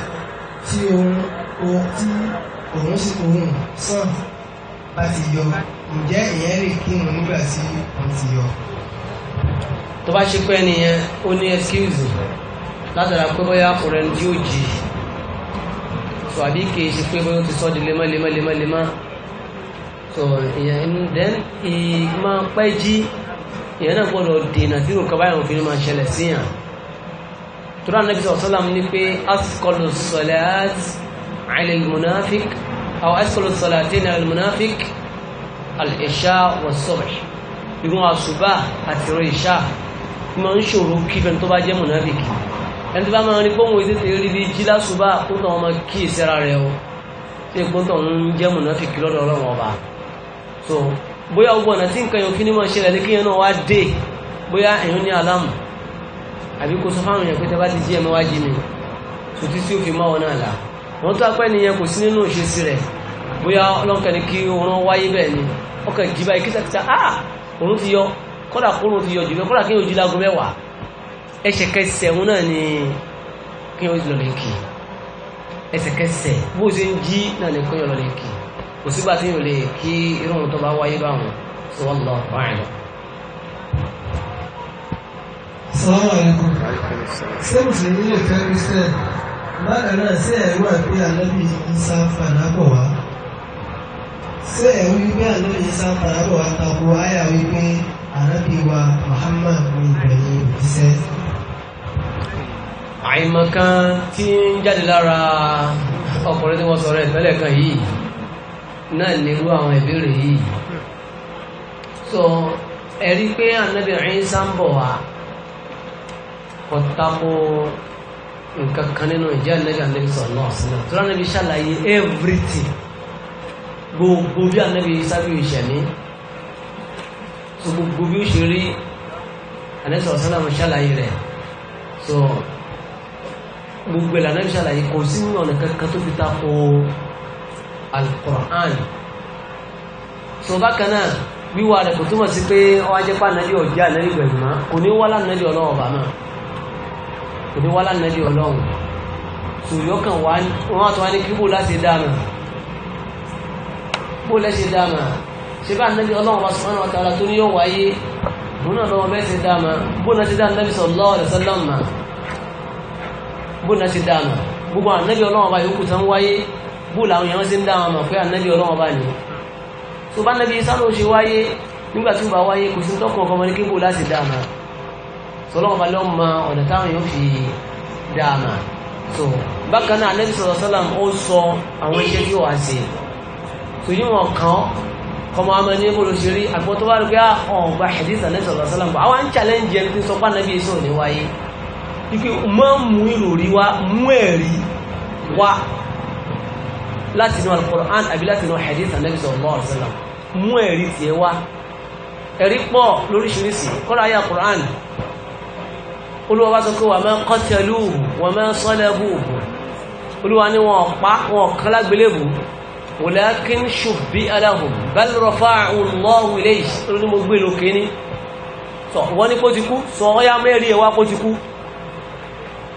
tí ohun ohun tí òun sì òun sàn bá
ti yọ ǹjẹ́ ìyẹn lè kírun nígbà tí òun ti yọ. tó bá ṣe pé ẹnìyẹn ó ní ẹskíùsì látara pé bóyá ọ̀rẹ́ ní tí ó jì tó àbí kì í ṣe pé bóyá ó ti sọ di lemọ́ lemọ́ lemọ́ lemọ́ tó ìyẹn inú dẹ́n ìmọ̀ pẹ́ jí ìyẹn náà gbọ́dọ̀ dènà tí nǹkan báyọ̀ òfin máa ṣẹlẹ̀ síyàn tura nabi sallam ní pé asqalu salat ala al-munafiq aw asqalu salatin ala al-munafiq al-isha wa subh ìrun àṣùbà àti ìrun ìṣà ma ń ṣòro kí bẹni tó bá jẹ́ mùnáfíkì ẹni tó bá máa rí pọ́nwó ètò ìrírí bí jí lásùbà kó tàn ọmọ kí ìsẹ́ra rẹ̀ o tí èkó tàn ń jẹ́ mùnáfíkì lọ́dọ̀ ọlọ́run ọba so bóyá ogun ọ̀nà tí nǹkan yòókì ní mọ̀ ṣẹlẹ̀ ní kíyẹn náà wá dé bóyá èèyàn ní aláàmù àbí kò sọ fáwọn èèyàn pé tẹ bá ti jí ẹmọ wá jí mi tòtí tí ó fi máa wọn náà là wọn tó apẹ́ nìyẹn kò sí nínú ìṣesí rẹ̀ bóyá ọlọ́nkẹ́ ni kí oorun wáyé bẹ́ẹ̀ ni ọkàn jí báyìí kíṣàkíṣà ah oorun ti yọ kódà kóorun ti yọ jù bẹ́ẹ̀ kódà kí n yóò jí láago mẹ́wàá ẹsẹ̀kẹsẹ̀ òun náà ni kí n yóò lọ lè kì ẹsẹ̀kẹsẹ̀ bó ṣe ń jí náà ni kí n yóò lọ lè kì kò sígbà tí n yóò lè kí irun tó bá wáyé báwọn sọ wọn lọ báyìí Assalamu alaikum.
Ṣé Mùsùlùmí lè fẹ́ Kristẹn? Bákan náà ṣé ẹ̀ wà pé ànábì Ìsá fàdà bọ̀ wá? Ṣé ẹ̀ wí pé ànábì Ìsá fàdà bọ̀ wá tako àyà wípé ànábì wa Muhammad ní ìbẹ̀rẹ̀
ìṣẹ́?
Àìmọ̀kan tí ń jáde lára ọkùnrin tí wọ́n sọ rẹ̀ tẹ́lẹ̀ kan yìí náà nírú àwọn ìbéèrè yìí. Sọ ẹ̀rí pé ànábì Ìsá ń bọ̀ wá ọ̀tako nǹkan kan nínú ìjẹ́ ànẹ́bí ànẹ́bí sọ̀rọ̀ náà sílẹ̀ tó ànẹ́bí ṣàlàyé everything gbogbo bí ànẹ́bí sábì ìṣẹ̀mí so gbogbo bí ó ṣe rí ànẹ́bí sọ̀rọ̀ sọ́nà ṣàlàyé rẹ̀ so gbogbo ìlànà ànẹ́bí ṣàlàyé kò sí ọ̀nà kankan tó fi tako alukur'an so bákan náà wíwá rẹ̀ kò túmọ̀ sí pé ó wá jẹ́ pé ànẹ́bí ọ̀jẹ́ ànẹ́bí gbẹ̀gbọ́n kò ní wá lánàá kò ní wá lánàá bí ọlọ́run sòyọ́kàn wá wọn àtọ́wá ní kí bó láti dáàmà bó lẹ́sẹ̀ dáàmà ṣe bá nàbí ọlọ́run wa subhanahu wa ta'ala tó ní yóò wáyé òun náà lọ́wọ́ bẹ́ẹ̀ ṣe dáàmà bó náà ṣe dáàmà nàbí sallallahu alaihi wasallam bó náà ṣe dáàmà gbogbo ànábì ọlọ́run ọba yòókù tán wáyé bó làwọn èèyàn ṣe ń dáàmà mọ̀ pé ànábì ọlọ́run ọba ni wáyé sọlọ́wọ́n ma lọ́wọ́ ma ọ̀nà táwọn yóò fi dáàmà so bákan náà alẹ́ sọ̀rọ̀ sọ́làm ó sọ àwọn iṣẹ́ tí wàá ṣe tó yí wọn kàn kọmọ àmọ́ ní ebolo ṣe rí àgbọn tó bá rí pé ah, ọgbà hadith alẹ́ sọ̀rọ̀ sọ́làm bọ̀ àwọn challenge ẹni tí sọ pé anabi èso ní wáyé ipe mọ́ mú ìròrí wá mú ẹ̀rí wá láti inú al-Qur'an àbí láti inú hadith alẹ́ sọ̀rọ̀ sọ́làm mú ẹ̀rí tiẹ̀ wá ẹ̀rí pọ̀ lóríṣiríṣi kọ́ra quran olúwa bá sọ pé wà máa kọ́tẹ̀lú wà máa sọ́lẹ̀bù olúwa ní wọn pa wọn kan lágbélébù walakin ṣùbí aláhùn bal rafa'ahu Allahu ilayhi ní mo gbé e lókè ní sọ wọ́n ní kó ti kú sọ wọ́n yá mẹ́rin ẹ̀wá kó ti kú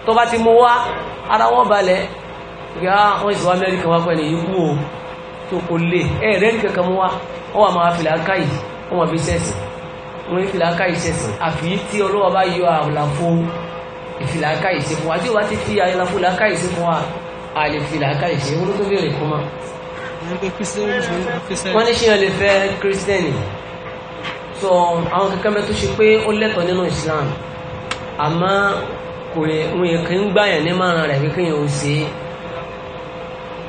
tó bá ti mú wá ara wọn balẹ̀ yá wọ́n sì wá mẹ́rin kan wá pẹ̀lú ikú o wọn ní fìlà ká ìṣe sí àfi tí ọlọ́wọ́ bá yọ àlàfo ìfìlà ká ìṣe fún wa tí o bá ti fi àlàfo là ká ìṣe fún wa àlè fìlà ká ìṣe wọn tó bẹ̀rẹ̀ kó wọ́n ní ṣe yàn lè fẹ́ kírísítẹ́nì sọ àwọn kankan mẹ́tò ṣe pé ó lẹ́tọ̀ọ́ nínú Islam àmọ́ kò yẹ wọn yẹ kí ń gbàyàn ní márùn rẹ̀ pé kéèyàn ò ṣe é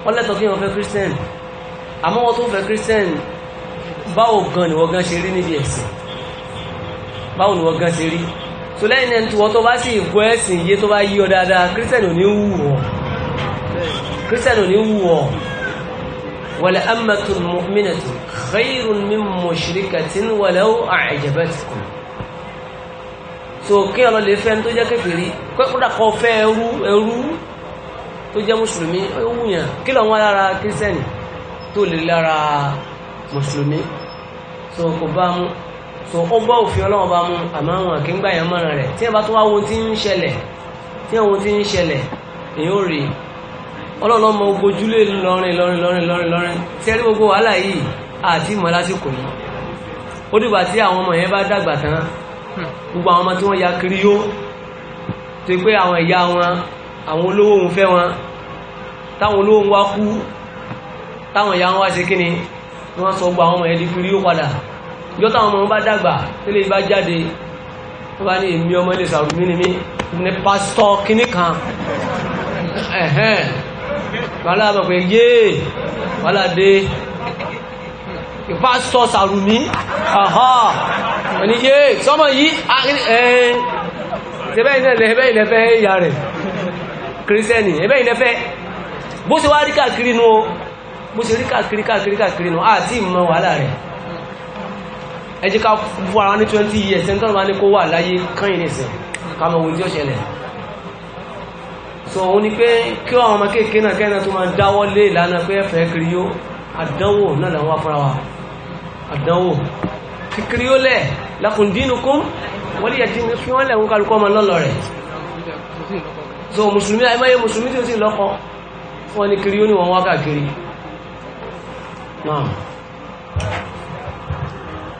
wọ́n lẹ́tọ̀ọ́ kéèyàn fẹ́ kírísítẹ́nì àmọ́ wọ́n tó fẹ́ kírísítẹ́nì báwo gan ni wọ́n gan ṣe rí níbi ẹ̀sìn báwo ni wọ́n gan ṣe rí so lẹ́yìn náà tí wọ́n tó bá sì gbọ́ ẹ̀sìn yé tó bá yí ọ dáadáa kírísítẹ̀nì ò ní wù ọ́ kírísítẹ̀nì ò ní wù ọ́ wal ammatun mu'minatu khayrun min mushrikatin walaw a'jabatkum so kí ọlọ́lẹ̀ fẹ́ tó jẹ́ kékeré kódà kọ́ fẹ́ ẹrú ẹrú tó jẹ́ mùsùlùmí ó wùyàn kí lọ wọ́n lára kírísítẹ̀nì tó lè lára mùsùlùmí so kò bá mú so ó bá òfin ọlọ́wọ́ bá mú àmọ́ àwọn àkíngbà yẹn mọ́ra rẹ̀ tí ẹ bá tó wá wo tí ń ṣẹlẹ̀ tí ẹ̀wọ̀n tí ń ṣẹlẹ̀ èyí ò rí ọlọ́run ọmọ ogójúlé lọrin lọrin lọrin lọrin lọrin tí ẹ rí gbogbo wàhálà yìí àti ìmọ̀ lásìkò yìí ó dìgbà tí àwọn ọmọ yẹn bá dàgbà tán hmm, gbogbo àwọn ọmọ tí wọ́n ya kiri yó tó pé àwọn ìyá wọn àwọn olówó ń fẹ́ wọn táwọn olówó ń kú táwọn ìyá wọn wá ṣe kíni wọ́n sọ gbogbo àwọn ọmọ yẹn di kiri yó padà ìjọ táwọn ọmọ wọn bá dàgbà nílé ibà jáde wọn bá ní èmi ọmọ ilé sàrùmí ni mí ní pásítọ̀ kínní kan ẹ̀hẹ́n wàhálà àmọ̀ pé yéè wàhálà dé pásítọ̀ sàrùmí ọ̀họ́ wọn ni yéè sọmọ yìí ẹ̀ẹ́n ṣẹbẹ́ ilẹ̀ fẹ́ ìyá rẹ̀ kírísítẹ́nì ẹ̀bẹ́ ilẹ̀ fẹ́ bó ṣe wá rí káàkiri nu bó ṣe rí káàkiri káàkiri káàkiri nu àti ìmọ̀ wàhálà rẹ̀ ẹ jẹ́ ká fún ara ní 20 years ẹni tọ́lọ́wà ní kó wà láyé kányìn nìsìn kàmọ̀ ohun tí ó ṣẹlẹ̀ so òun ni pé kí àwọn ọmọ kéèké náà kẹ́nà tó máa dáwọ́ lé ìlànà pé ẹ̀fẹ̀ kiri yó àdánwò náà làwọn wá fúnra wa àdánwò kiri yó lẹ̀ lakum dinukum waliya dín fún wọn lẹ̀kún kálukọ́ ọmọ lọ́lọ́ rẹ̀ so mùsùlùmí àìmáyé mùsùlùmí tí ó sì lọ́kọ wọn ni kiri yó ni wọ́n wá káàkiri náà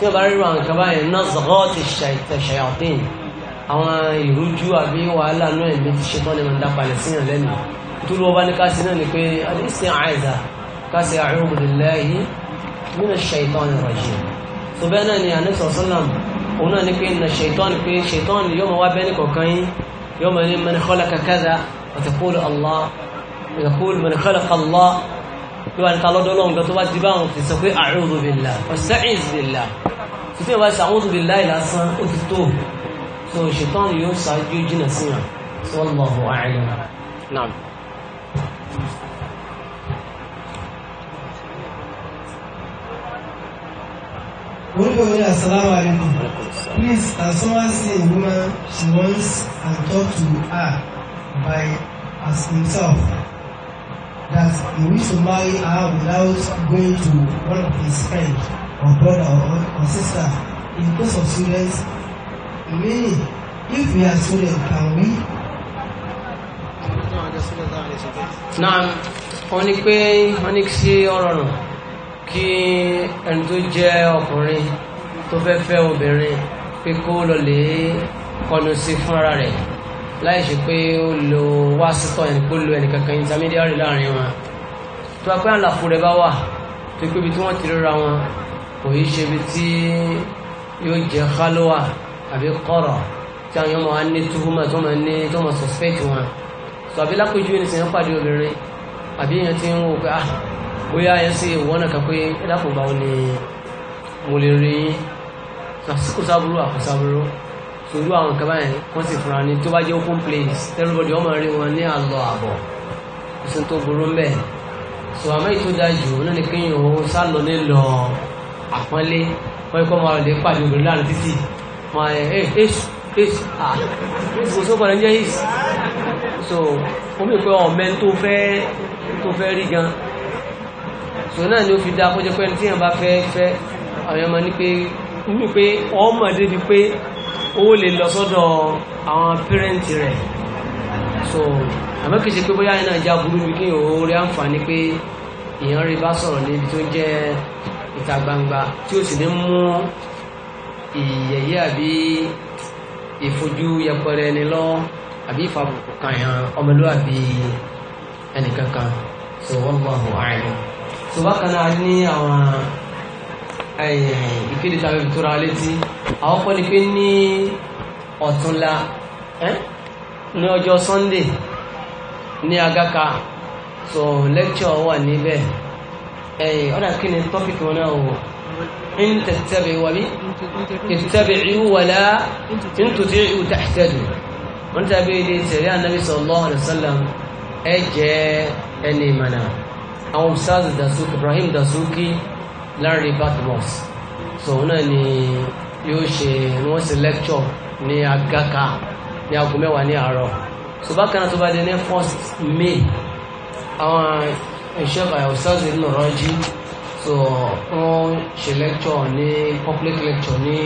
tí o bá ríro àwọn ìjọba yẹn náà zọ́ọ́ ti ṣàyàtìn àwọn ìrújú àbí wàhálà náà ẹ̀mí ti ṣetán ní mọ̀ndà palẹ̀ síyàn lẹ́nu ìtúrú ọba ní káṣí náà ni pé àdéhùn àìsà káṣí a'udhu billahi minash shaitanir rajim tó bẹ́ẹ̀ náà ni àníṣọ́ sọ́làm òun náà ni pé na ṣètọ́ni pé ṣètọ́ni yóò mọ̀ wá bẹ́ẹ̀ ní kọ̀ọ̀kan yín yóò mọ̀ ní man khalaqa kaza wa Allah pé wà ní talọ́dọ́ lọ́wọ́ nǹkan tó bá ti bá àwọn ti sọ pé a'udhu billah ọ̀sẹ́yìn billah tó tẹ́ wá sí a'udhu billahi lásán ó ti tó tó ṣètọ́ ni yóò ṣáájú jìnnà sí yàn wallahu a'lam náà.
Orúkọ mi
Assalamu alaikum. Please, as someone say a woman she wants and talk to her by as himself? that he wish to marry without going to one of his friend or brother or, or sister in case of students meaning if we are students, can we.
náà wọ́n ní pé wọ́n ní sí ọ̀rọ̀ nù kí ẹni tó jẹ́ ọkùnrin tó fẹ́ fẹ́ obìnrin pé kó lọ lè kọnu sí fúnra rẹ̀ láì ṣe pé ó lo wásítọ̀ ẹni pé ó lo ẹnìkankan intermediary láàrin wọn tó bá pé àlàfo rẹ bá wà tó pé ibi tí wọ́n ti ríra wọn kò yí ṣe ibi tí yóò jẹ́ kálọ́wà àbí kọ̀rọ̀ tí àwọn yóò máa ní túhúmọ̀ tó máa ní tó máa suspect wọn tó àbí lápèjú ẹni sìn pàdé obìnrin àbí èèyàn ti ń wò pé ah bóyá ẹ sì wọ́n kan pé ẹ dákun báwo ni mo lè rí yín kò sábúrú àkọsábúrú torí àwọn nǹkan báyẹn wọ́n sì fúnra ní tó bá jẹ́ open place everybody ọmọ rí wọn ní àlọ́ àbọ̀ ìsìn tó burú ń bẹ̀ sọ àmọ́ èyí tó dáa jù náà ni kéèyàn ó sálọ nílọ àpọ́nlé wọ́n kọ́ máa lè pàdé obìnrin láàrin títì máa ẹ̀ ẹ́ èṣù èṣù à èṣù kò sókòrò ń jẹ́ èṣù so omi ìpẹ́ ọ̀mẹ́ tó fẹ́ tó fẹ́ rí gan so náà ni ó fi dáa kó jẹ́ pé ẹni tí èèyàn bá fẹ́ fẹ́ àwọn ọmọ ní pé wípé ọmọ ó lè lọ sọ́dọ̀ àwọn pẹ́rẹ́ǹtì rẹ̀ so àmọ́ kì í ṣe pé bóyá iná ìjà burú bí kí òun rí àǹfààní pé èèyàn rí bá sọ̀rọ̀ níbi tó jẹ́ ìta gbangba tí ó sì ní mú ìyẹ̀yẹ́ àbí ìfojú yẹpẹrẹ ẹni lọ àbí ìfàbùkù kan yàn ọmọlúwàbí ẹnìkankan so wallahu a'lam so bákan náà ní àwọn ìkéde tàbí ìtura létí àwọn kọ́ ni pé ní ọ̀túnla ní ọjọ́ Sunday ní agaka so lecture wà níbẹ̀ ọ̀dà kí ni tọ́pìkì wọn náà wò ń tẹ̀tẹ̀bẹ̀ wàbí tẹ̀tẹ̀bẹ̀ ìhú wàlá ń tòtí ìhú tẹ̀tẹ̀dù wọ́n tàbí ilé tẹ̀lé ànábì sallallahu alaihi wasallam ẹ jẹ́ ẹni ìmọ̀nà àwọn ustaz Dasuki Ibrahim Dasuki Larry batmos, sòun náà ni yóò ṣe wọ́n ṣe lecture ní agaka ní aago mẹ́wàá ní àárọ̀ so bákan náà tó bá dé ní first May àwọn ìṣẹ́fà ọ̀sán ìlú ọ̀rọ̀ jí so wọ́n ṣe lecture ní public lecture ní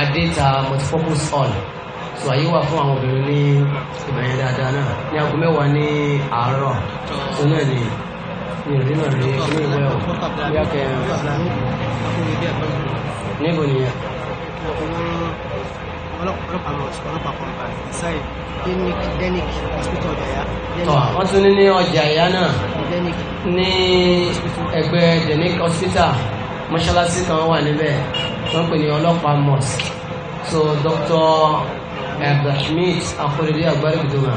adéta multipurpose hall so àyè wà fún àwọn obìnrin ní ìbẹ̀yẹn dáadáa náà ní aago mẹ́wàá ní àárọ̀ so náà ni níbo ni yẹn. ọlọ́pàá lọ sí ọlọ́pàá kan bá ìsáyì
denic denic hospital ọjàyà. tọ́ wọ́n tún ní ní ọjàyà náà
ní ẹgbẹ́ denic hospital mọ́ṣáláṣí kan wà níbẹ̀ wọ́n pè ní ọlọ́pàá mosque so Dr. abdulhamid akorede agbárí gbòdúmọ̀.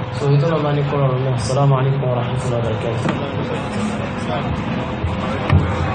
so ètò náà máa ní kọ́rọ̀ rẹ̀ náà salamu